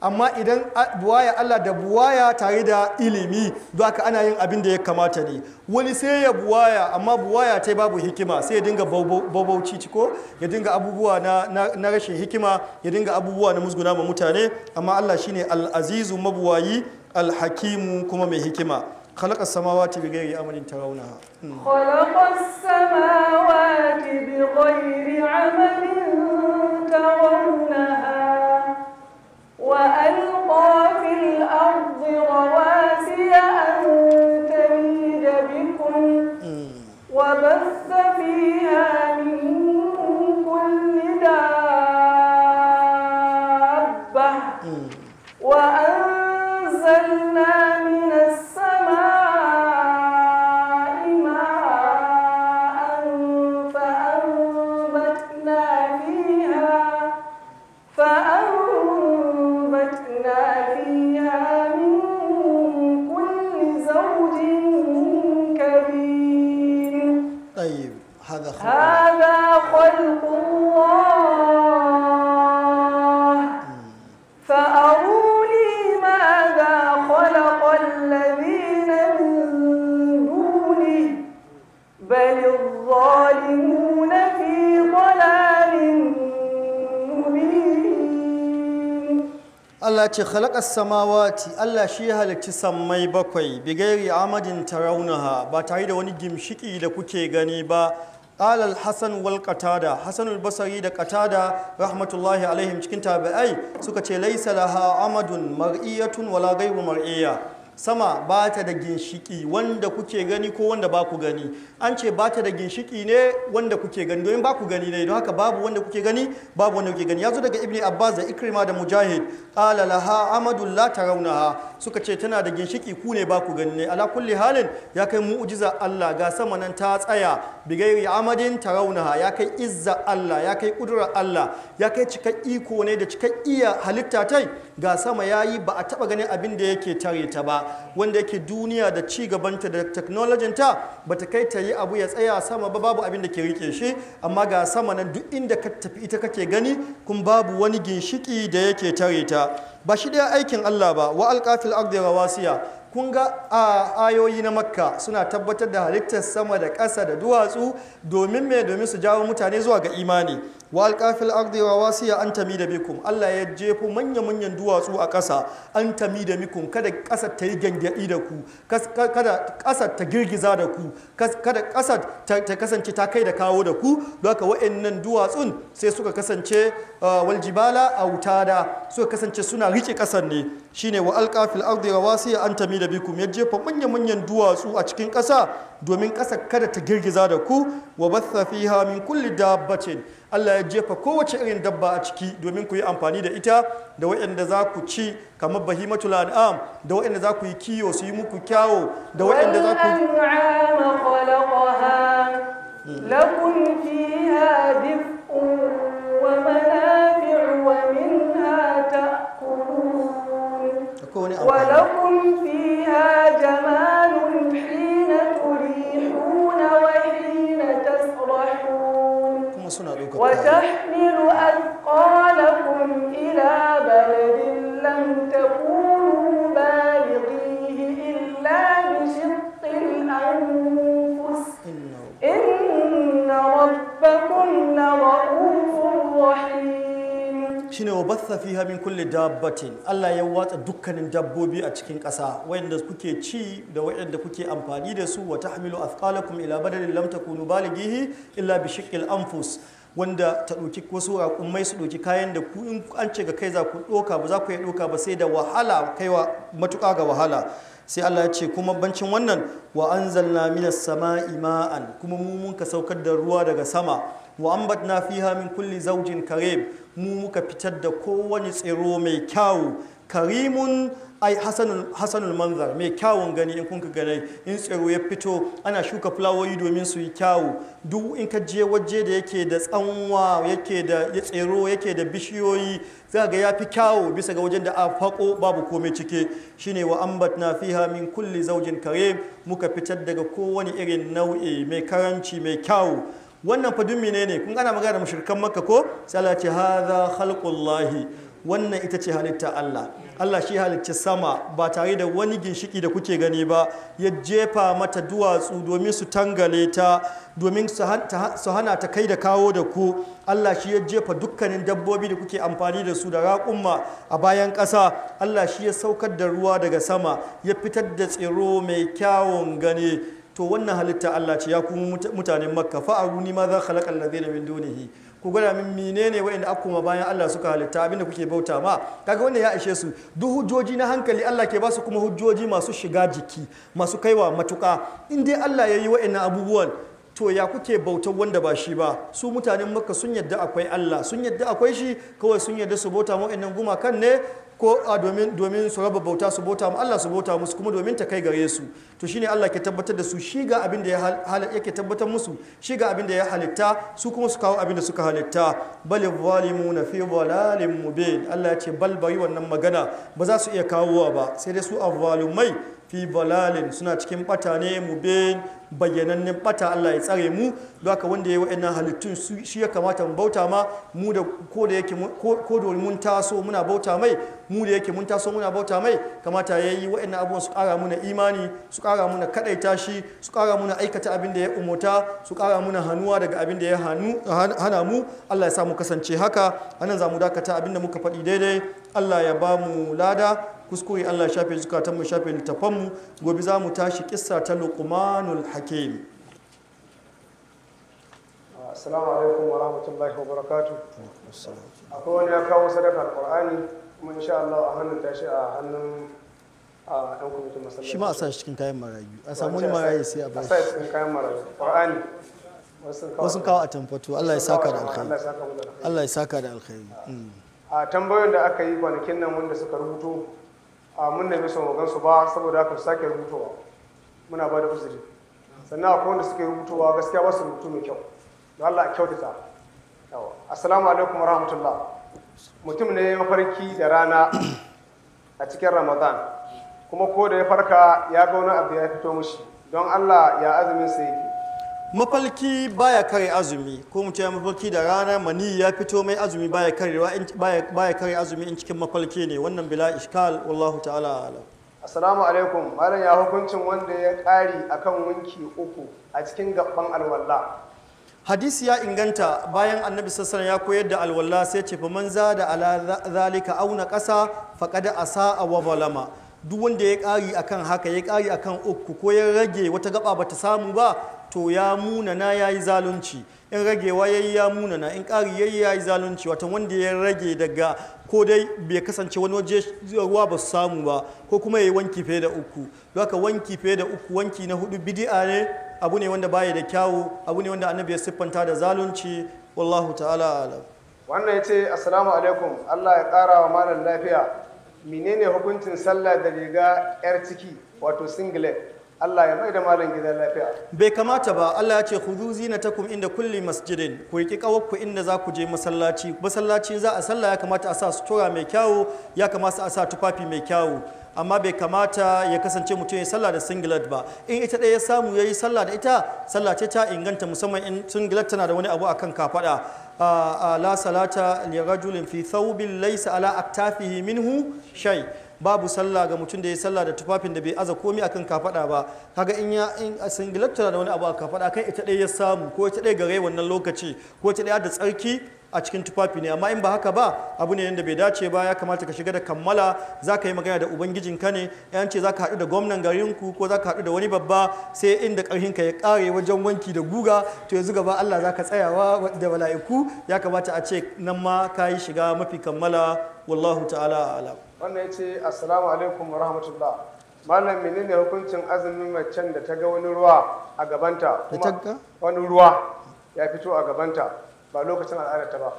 amma idan buwaya Allah da buwaya tare da ilimi haka ana yin abin da ya kamata ne wani sai ya buwaya amma buwaya ta babu hikima sai ya dinga babauci ciko ya dinga abubuwa na, rashin hikima ya dinga abubuwa na musguna ma mutane amma Allah shine al-azizu mabuwayi al-hakimu kuma mai hikima خلق السماوات بغير عمل ترونها خلق السماوات بغير عمل ce khalaqas samawati Allah shi ya halicci sammai bakwai bigairi amadin taraunaha ba tare da wani gimshiki da kuke gani ba qala hassan hasan wal qatada hasan al da katada rahmatullahi alaihim cikin tabi'ai suka ce laisa laha amadun mar'iyyatun wala ghayru mar'iyya sama ba ta da ginshiki wanda kuke gani ko wanda ba ku gani an ce ba ta da ginshiki ne wanda kuke gani domin ba ku gani ne don haka babu wanda kuke gani babu wanda kuke gani ya zo daga ibni abbas da ikrima da mujahid qala laha amadu la tarawnaha suka ce tana da ginshiki ku ne ba ku gani ne ala kulli halin ya kai mu'jiza Allah ga sama nan ta tsaya bigayri amadin tarawunaha ya kai izza Allah ya kai kudura Allah ya kai cika iko ne da cika iya halitta tai ga sama yayi ba a taba ganin abin da yake tare ta ba wanda yake duniya da ci gaban ta da technology ta bata kai ta yi abu ya tsaya sama ba babu abin da ke rike shi amma ga sama nan duk inda ka tafi ita kake gani kun babu wani ginshiki da yake tare ta ba shi da aikin Allah ba wa alqafil ardi rawasiya kun ga ayoyi na makka suna tabbatar da halittar sama da ƙasa da duwatsu domin mai domin su jawo mutane zuwa ga imani wa alƙafil ardi rawasiya an tami da bikum Allah ya jefo manya-manyan duwatsu a ƙasa an tami da bikum kada ƙasa ta yi gyangyaɗi da ku kada ƙasa ta girgiza da ku kada ƙasa ta kasance ta kai da kawo da ku don haka wa'annan duwatsun sai suka kasance uh, waljibala a wutada suka kasance suna rike ƙasar ne shine wa alƙafil ardi rawasiya an tami da bikum ya jefa manya-manyan duwatsu a cikin ƙasa domin ƙasa kada ta girgiza da ku wa batha fiha min kulli dabbatin Allah ya jefa kowace irin dabba a ciki domin ku yi amfani da ita da waɗanda za ku ci kamar bahimatul an'am da waɗanda za ku yi kiyo su yi muku kyawo da waɗanda za ku ولكم فيها جمال حين وتحمل أثقالكم إلى بلد لم تكونوا بالغيه إلا بشق الأنفس إن ربكم لرؤوف رحيم shine wa batha fiha min kulli dabbatin Allah ya watsa dukkanin dabbobi a cikin ƙasa wayanda kuke ci da wayanda kuke amfani da su wa tahmilu athqalakum ila badalin lam takunu balighihi illa bi shiqqil anfus wanda ta ɗauki wasu raƙummai su ɗauki kayan da ku in an ce ga kai za ku ɗoka ba za ku iya ɗoka ba sai da wahala kaiwa matuƙa ga wahala sai Allah ya ce kuma bancin wannan wa anzalna minas sama'i ma'an kuma mu mun ka saukar da ruwa daga sama wa ambatna fiha min kulli zawjin karib mu muka fitar da kowane tsiro mai kyawu karimun ai hasanul manzar mai kyawun gani in kun gane in tsiro ya fito ana shuka fulawoyi domin su yi kyawu duk in ka je waje da yake da tsanwa yake da tsiro yake da bishiyoyi za ga ya fi kyawu bisa ga wajen da a fako babu komai cike shine wa ambat na fiha min kulli zaujin kare muka fitar daga kowane irin nau'i mai karanci mai kyawu wannan fa dun ne? kun ana magana da mushrikan makka ko sai Allah ce hadha khalqullahi wannan ita ce halitta Allah Allah shi halicci sama ba tare da wani ginshiki da kuke gani ba ya jefa mata duwatsu domin su tangale ta domin su hana ta kai da kawo da ku Allah shi ya jefa dukkanin dabbobi da kuke amfani da su da raƙumma a bayan ƙasa Allah shi ya saukar da ruwa daga sama ya fitar da tsiro mai kyawun gani to wannan halitta Allah ce ya kuma mutanen makka fa'aru ni ma za da zai min dunihi ku gwada min ne da aka kuma bayan Allah suka halitta abinda kuke bauta ma kaga wannan ya ishe su duk hujjoji na hankali Allah ke basu kuma hujjoji masu shiga jiki masu kaiwa matuka in dai Allah ya yi wa'in abubuwan to ya kuke bautar wanda ba shi ba su mutanen makka sun yadda akwai Allah sun yadda akwai shi kawai sun yadda su bauta mu wa'annan gumakan ne ko a domin su raba bauta su bauta mu Allah su bauta musu kuma domin ta kai gare su to shine Allah ke tabbatar da su shi abin da ya yake tabbatar musu shi ga abin da ya halitta su kuma su kawo abin da suka halitta bal zalimuna fi dhalalin mubin Allah ya ce bal bari wannan magana ba za su iya kawowa ba sai dai su azzalumai fi balalin suna cikin bata ne mu be bayyanannen bata Allah ya tsare mu don haka wanda ya yi wa'annan halittun shi ya kamata mu bauta ma mu da ko da yake ko da mun taso muna bauta mai mu da yake mun taso muna bauta mai kamata ya yi wa'annan abubuwan su kara muna imani su kara muna kadaita shi su kara muna aikata abin da ya umota su kara muna hannuwa daga abin da ya hana mu Allah ya sa mu kasance haka anan za mu dakata abin da muka faɗi daidai Allah ya ba mu lada kuskure Allah ya shafe zukatan mu shafe littafan mu gobe za mu tashi kissa ta Luqmanul Hakim Assalamu alaikum wa rahmatullahi wa barakatuh Akwai wani ya kawo sadaka al kuma insha Allah a hannun tashi a hannun a ɗan kwamitin masallaci. Shi ma a sa cikin kayan marayu. A samu wani marayu sai a bashi. A sa cikin kayan marayu. Qur'ani wasu kawo a tamfato Allah ya saka da alkhairi Allah ya saka da alkhairi mm. a tambayoyin da aka yi kwanakin nan wanda suka rubuto a mun nemi su magan su ba saboda haka su sake rubutowa muna ba da uzuri sannan akwai wanda suke rubutowa gaskiya ba su rubutu mai kyau don Allah a kyautata assalamu alaikum rahmatullah mutum ne mafarki da rana a cikin ramadan kuma ko da ya farka ya ga wani abu ya fito mushi don Allah ya azumin sa yake mafalki baya kare azumi ko mu ce mafalki da rana mani ya fito mai azumi baya karewa baya kare azumi in cikin mafalki ne wannan bila iskal wallahu ta'ala alam assalamu alaikum malam ya hukuncin wanda ya kari akan wanki uku a cikin gaban alwala hadisi ya inganta bayan annabi sassan ya koyar da alwala sai ce fa man da ala zalika auna ƙasa faqada asaa wa zalama duk wanda ya ƙari akan haka ya ƙari akan uku ko ya rage wata gaba bata samu ba to ya munana ya yi zalunci in ragewa ya yi ya munana in ƙari ya yi zalunci wata wanda ya rage daga ko dai bai kasance wani waje ruwa ba su samu ba ko kuma ya yi wanki fiye da uku don haka wanki fiye da uku wanki na hudu bidi'a ne abu ne wanda baya da kyawu abu ne wanda annabi ya siffanta da zalunci wallahu ta'ala alam wannan ya ce assalamu alaikum allah ya kara wa malam lafiya menene hukuncin sallah da riga yar ciki wato singlet Allah ya mai da malam gidan lafiya bai kamata ba Allah ya ce khudhu zinatakum inda kulli masjidin ku yi kawakku inda za ku je masallaci masallaci za a sallah ya kamata a sa sutura mai kyawu ya kamata a sa tufafi mai kyawu amma bai kamata ya kasance mutum ya sallah da singlet ba in ita ɗaya ya samu ya yi sallah da ita sallah ce ta inganta musamman in singlet tana da wani abu akan kafada la salata li rajulin fi thawbin laysa ala aktafihi minhu shay babu sallah ga mutum da ya sallah da tufafin da bai aza komi akan kafada ba kaga in ya in da wani abu a kafada kan ita ɗaya ya samu ko ita ɗaya gare wannan lokaci ko ita ɗaya da tsarki a cikin tufafi ne amma in ba haka ba abu ne yadda bai dace ba ya kamata ka shiga da kammala za ka yi magana da ubangijin ka ne yan ce za ka haɗu da gwamnan ku ko za ka haɗu da wani babba sai inda ka ya kare wajen wanki da guga to yanzu gaba Allah za ka tsayawa da mala'iku ya kamata a ce nan ma ka yi shiga mafi kammala wallahu ta'ala a'lam wannan ya ce assalamu alaikum wa rahmatullah malam menene hukuncin azumin macen da ta ga wani ruwa a gabanta kuma wani ruwa ya fito a gabanta ba lokacin al'adarta ba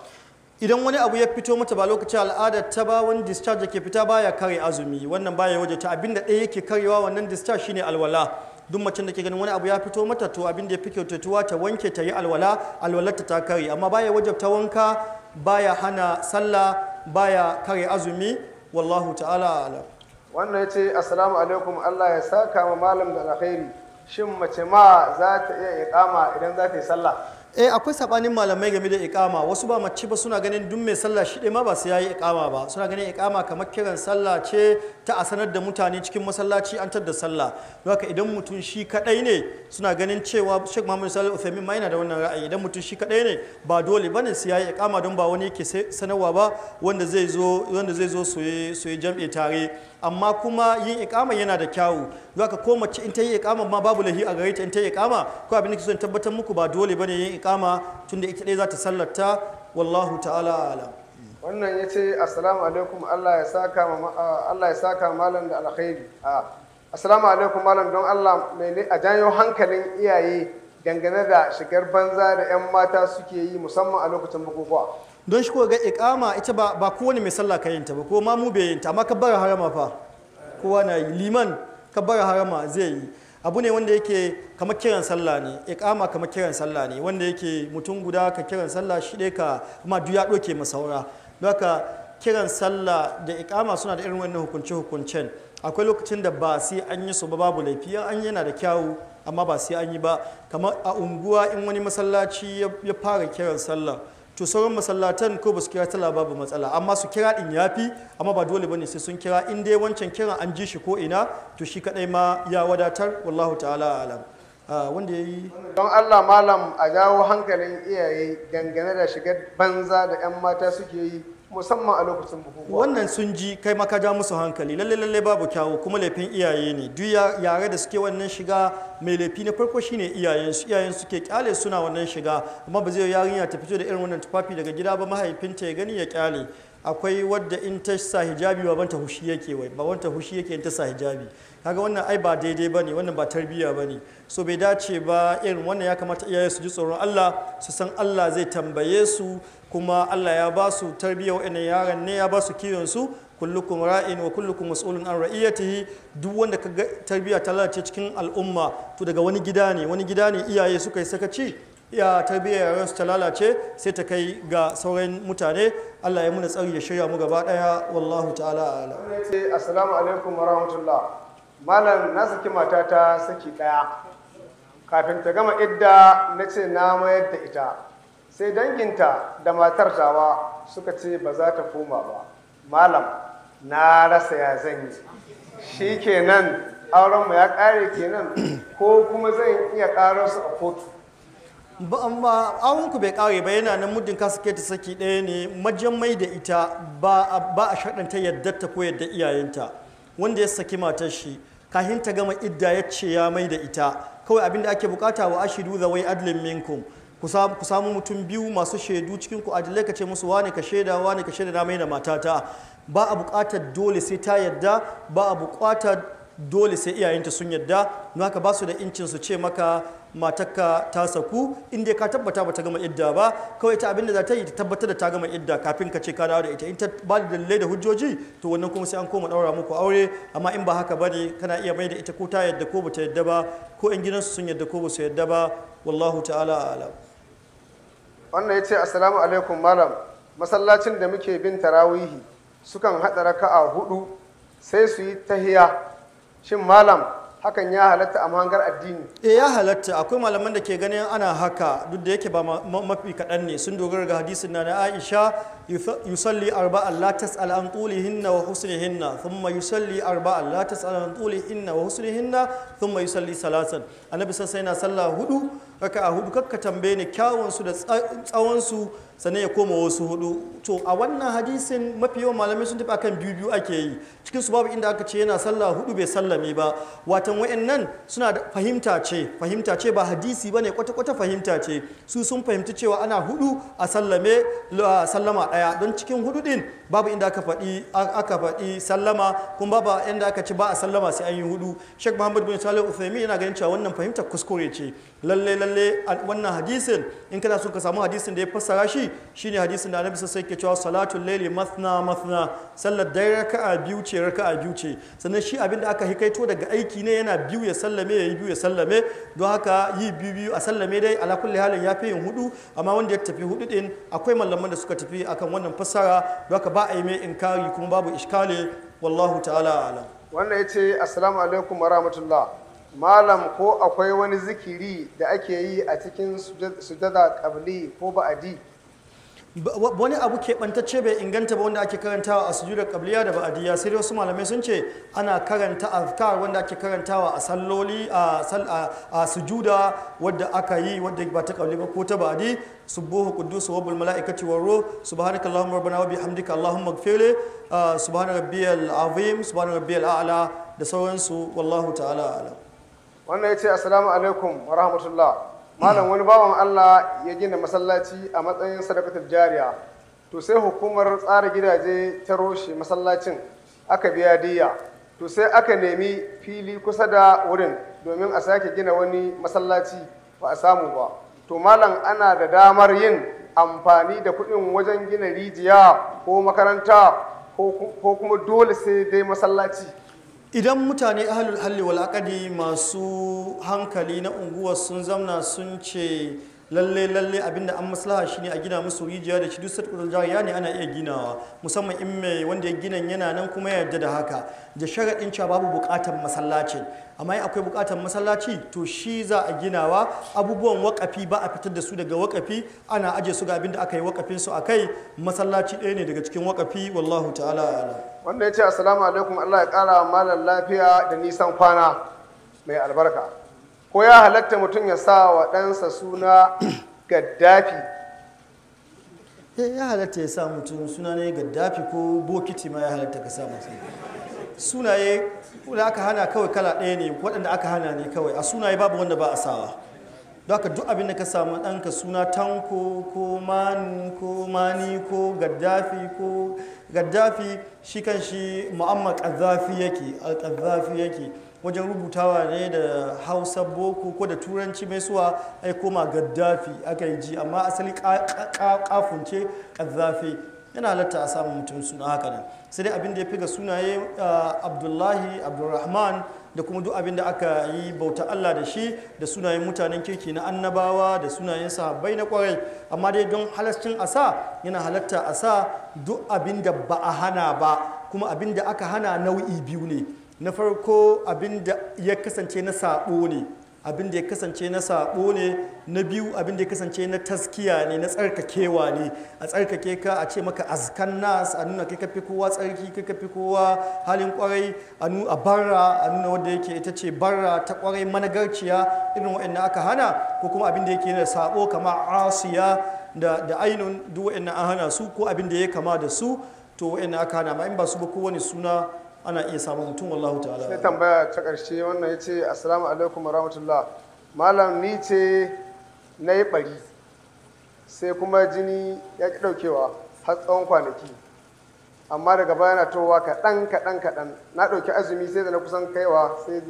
idan wani abu ya fito mata ba lokacin al'adar ta ba wani discharge ke fita baya kare azumi wannan baya waje ta abinda ɗaya yake karewa wannan discharge shine alwala duk macen da ke ganin wani abu ya fito mata to abin da ya fi kyautatuwa ta wanke ta yi alwala alwalarta ta kare amma baya ta wanka baya hana sallah baya kare azumi wallahu ta'ala alam wannan ya ce assalamu alaikum Allah ya saka ma malam da alkhairi shin mace ma za ta iya iqama idan za ta yi sallah eh akwai sabanin malamai game da iqama wasu ba mace ba suna ganin duk mai sallah shi ma ba su ya yi iqama ba suna ganin iqama kamar kiran sallah ce ta a sanar da mutane cikin masallaci an tar da sallah don haka idan mutum shi kadai ne suna ganin cewa Sheikh Muhammad Salih Uthaymeen ma yana da wannan ra'ayi idan mutum shi kadai ne ba dole ba ne sai yi ikama don ba wani yake sanarwa ba wanda zai zo wanda zai soye soye jam'i tare amma kuma yin ikama yana da kyawu don haka ko mace in ta yi ikama ma babu lahi a gare ta in ta yi ikama ko abin da kike son tabbatar muku ba dole ba ne yin ikama tunda ita dai za ta sallarta wallahu ta'ala a'lam wannan ya ce assalamu alaikum Allah ya saka Allah ya malam da alkhairi a assalamu alaikum malam don Allah mai a janyo hankalin iyaye dangane da shigar banza da 'yan mata suke yi musamman a lokacin bukukuwa don shi ga ikama ita ba ba kowane mai sallah ka ta ba ko ma mu bai ta amma kabbara harama fa kowa na yi liman kabbara harama zai yi abu ne wanda yake kamar kiran sallah ne ikama kamar kiran sallah ne wanda yake mutum guda ka kiran sallah shi ka ma duk ya ɗauke masaura haka kiran sallah da ikama suna da irin wannan hukunce hukuncen akwai lokacin da ba sai an yi su ba babu laifi an yana da kyawu amma ba sai an yi ba kamar a unguwa in wani masallaci ya fara kiran sallah to sauran masallatan ko ba su kira sallah babu matsala amma su kira din fi amma ba dole bane sai sun kira in dai wancan kiran an ji shi ko ina to shi kadai ma ya wadatar wallahu ta'ala alam ah, wanda ya yi don allah malam a jawo hankalin iyaye dangane da shigar banza da 'yan mata suke yi musamman a lokacin bukukuwa wannan sun ji kai maka ja musu hankali lalle lalle babu kyawu kuma laifin iyaye ne duk yare da suke wannan shiga mai laifi na farko shine iyayen su iyayen suke kyale suna wannan shiga amma ba zai yarinya ta fito da irin wannan tufafi daga gida ba mahaifinta ya gani ya kyale akwai wadda in ta sa hijabi ba banta hushi yake wai ba wanta hushi yake in ta sa hijabi kaga wannan ai ba daidai bane wannan ba tarbiyya ba ne. so bai dace ba irin wannan ya kamata iyaye su ji tsoron Allah su san Allah zai tambaye su kuma Allah ya ba su tarbiyyar wa'annan yaran ne ya ba su kiyonsu su kullukum ra'in wa kullukum mas'ulun an ra'iyatihi duk wanda ka ga tarbiyya ta lalace cikin al'umma to daga wani gida ne wani gida ne iyaye suka yi sakaci ya tarbiyyar yaran su ta lalace sai ta kai ga sauran mutane Allah ya muna tsari ya shirya mu gaba daya wallahu ta'ala ala assalamu alaikum wa rahmatullah malam na matata saki daya kafin ta gama idda na ce na mayar da ita sai danginta da matar tawa suka ce ba za ta koma ba malam na rasa ya zan yi shi kenan aurenmu ya ƙare kenan ko kuma zan iya karar su a kotu awon ku bai ƙare ba yana nan muddin kasuke ta saki ɗaya ne majan mai da ita ba a shaɗanta yadda ta ko yadda iyayenta wanda ya saki matar shi kahin ta gama idda ya ce ya mai da ita kawai abin da ake bukata wa ashidu zawai adlin minkum ku samu mutum biyu masu shaidu cikin ku adilai ka ce musu wane ka shaida wane ka shaida mai da matata ba a buƙatar dole sai ta yadda ba a buƙatar dole sai iyayenta sun yadda na haka ba su da incin su ce maka matakka ta saku inda ka tabbata ba ta gama idda ba kawai ta abinda za ta yi ta tabbatar da ta gama idda kafin ka ce ka dawo da ita in ta ba da dalilai da hujjoji to wannan kuma sai an koma daura muku aure amma in ba haka bane kana iya mai da ita ko ta yadda ko ba ta yadda ba ko 'yan gidansu sun yadda ko ba su yadda ba wallahu ta'ala a'lam wannan ya ce asalamu alaikum malam masallacin da muke bin tarawihi sukan haɗa raka'a hudu sai su yi tahiya shin malam hakan ya halatta a mahangar addini eh ya halatta akwai malaman da ke ganin ana haka duk da yake ba mafi kaɗan ne sun dogara ga hadisin na na aisha yusalli arba'an la tas'al an tulihinna wa husnihinna thumma yusalli arba'an la tas'al an tulihinna wa husnihinna thumma yusalli salasan annabi sai yana sallah hudu raka'a hudu kakka tambaye ni kyawun su da tsawon su sannan ya koma wasu hudu to a wannan hadisin mafi yawan malamai sun tafi akan biyu biyu ake yi cikin su babu inda aka ce yana sallah hudu bai sallame ba watan wayannan suna da fahimta ce ba hadisi bane kwata kwata fahimtace su sun fahimci cewa ana hudu a sallame sallama ɗaya baya don cikin hudu din babu inda aka faɗi aka faɗi sallama kuma babu inda aka ci ba a sallama sai an yi hudu Sheikh Muhammad bin Salih Uthaymeen yana ganin cewa wannan fahimtar kuskure ce lalle lalle wannan hadisin in kana so ka samu hadisin da ya fassara shi shine hadisin da Annabi sai ke cewa salatul layli mathna mathna sallar raka raka'a biyu ce raka'a biyu ce sannan shi abin da aka hikaito daga aiki ne yana biyu ya sallame ya yi biyu ya sallame don haka yi biyu biyu a sallame dai ala kulli halin ya fi yin hudu amma wanda ya tafi hudu din akwai mallaman da suka tafi akan wannan fassara don haka ba a yi mai inkari kuma babu iskale wallahu ta'ala alam wannan ce assalamu alaikum wa rahmatullah malam ko akwai wani zikiri da ake yi a cikin sujada ƙabli ko ba'adi wani abu keɓantacce bai inganta ba wanda ake karantawa a sujada ƙabliya da ba'adiyya sai dai wasu malamai sun ce ana karanta azkar wanda ake karantawa a salloli a sujuda wadda aka yi wadda ba ta ƙabli ba ko ta ba'adi subuhu quddus wa bil malaikati war ruh subhanaka allahumma rabbana wa bihamdika allahumma ighfirli ah, subhana rabbiyal azim subhana rabbiyal a'la da sauransu wallahu ta'ala a'lam wannan ya ce assalamu alaikum wa rahmatullah malam wani bawan Allah ya gina masallaci a matsayin sadakatar jariya to sai hukumar tsara gidaje ta roshe masallacin aka biya diya to sai aka nemi fili kusa da wurin domin a sake gina wani masallaci ba a samu ba to malam ana da damar yin amfani da kuɗin wajen gina rijiya ko makaranta ko kuma dole sai dai masallaci idan mutane ahalul halli wal masu hankali na unguwar sun zamna sun ce lalle lalle abinda an maslaha shine a gina musu rijiya da shi duk sadaqatul jariya ne ana iya ginawa musamman in mai wanda ya gina yana nan kuma ya yarda da haka da sharadin cewa babu bukatar masallaci amma in akwai bukatar masallaci to shi za a ginawa abubuwan wakafi ba a fitar da su daga wakafi ana aje su ga abinda aka yi wakafin su akai masallaci ɗaya ne daga cikin wakafi wallahu ta'ala ala wanda ya ce assalamu alaikum Allah ya kara malam lafiya da nisan kwana mai albarka ko ya halatta mutum ya sa wa ɗansa suna gaddafi eh, ya halatta ya sa mutum suna ne gaddafi ko bokiti ma ya halatta ka sa mutum sunaye da aka hana kawai kala ɗaya ne waɗanda aka hana ne kawai a sunaye babu wanda ba a sawa don haka duk abin da ka samu ɗanka suna tanko ko mani ko mani ko gaddafi ko gaddafi shi kan shi mu'amma ƙazzafi yake wajen rubutawa ne da hausa boko ko da turanci mai suwa ai koma gaddafi aka yi ji amma asali kafin ce zafi. yana latta a samun mutum suna haka nan sai dai abin da ya fi ga sunaye abdullahi abdulrahman da kuma duk abin da aka yi bauta Allah da shi da sunayen mutanen kirki na annabawa da sunayen sahabbai na kwarai amma dai don halascin asa yana halatta asa duk abin da ba a hana ba kuma abin da aka hana nau'i biyu ne na farko abin da ya kasance na sabo ne abin da ya kasance na sabo ne na biyu abin da ya kasance na taskiya ne na tsarkakewa ne a tsarkake ka a ce maka azkan nas a nuna kai fi kowa tsarki kai fi kowa halin kwarai a nuna barra a nuna wanda yake ita ce barra ta kwarai managarciya irin wa'in aka hana ko kuma abin da yake na sabo kama asiya da da ainun duk an hana su ko abin da ya kama da su to wa'in aka hana ma in ba su ba kowane suna ana iya samun mutum wallahu ta'ala sai tambaya ta karshe wannan ya ce assalamu alaikum rahmatullah malam ni ce na yi bari. sai kuma jini ya ki ɗaukewa har tsawon kwanaki amma daga baya na towa kaɗan kaɗan kaɗan na ɗauki azumi sai da na kusan kaiwa sai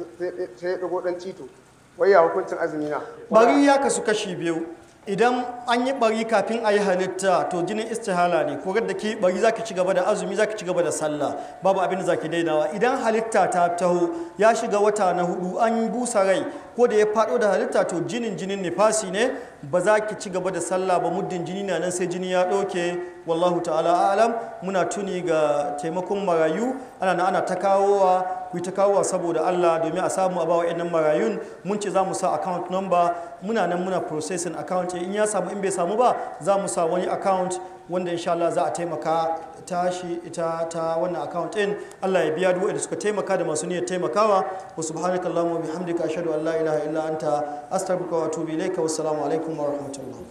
ya ɗago ɗan cito wai ya hukuncin azumi na bari ya kasu kashi biyu idan an yi bari kafin a yi halitta to jinin istihala ne ko da ke bari za ki ci gaba da azumi za ki ci gaba da sallah babu abin da za ki dainawa idan halitta ta taho ya shiga wata na hudu an busa rai ko da ya faɗo da halitta to jinin jinin nifasi ne ba za ki ci gaba da sallah ba muddin jini na nan sai jini ya ɗauke wallahu ta'ala alam muna tuni ga taimakon marayu ana na ana ta kawowa ku ta kawowa saboda Allah domin a samu a bawa ɗan marayun mun ce za mu sa account number muna nan muna processing account in ya samu in bai samu ba za mu sa wani account wanda insha Allah za a taimaka tashi ita ta wannan account din Allah ya biya duk wanda suka taimaka da masu niyyar taimakawa wa subhanakallahumma wa bihamdika ashhadu an la ilaha illa anta astaghfiruka wa atubu ilayka wassalamu alaikum wa rahmatullahi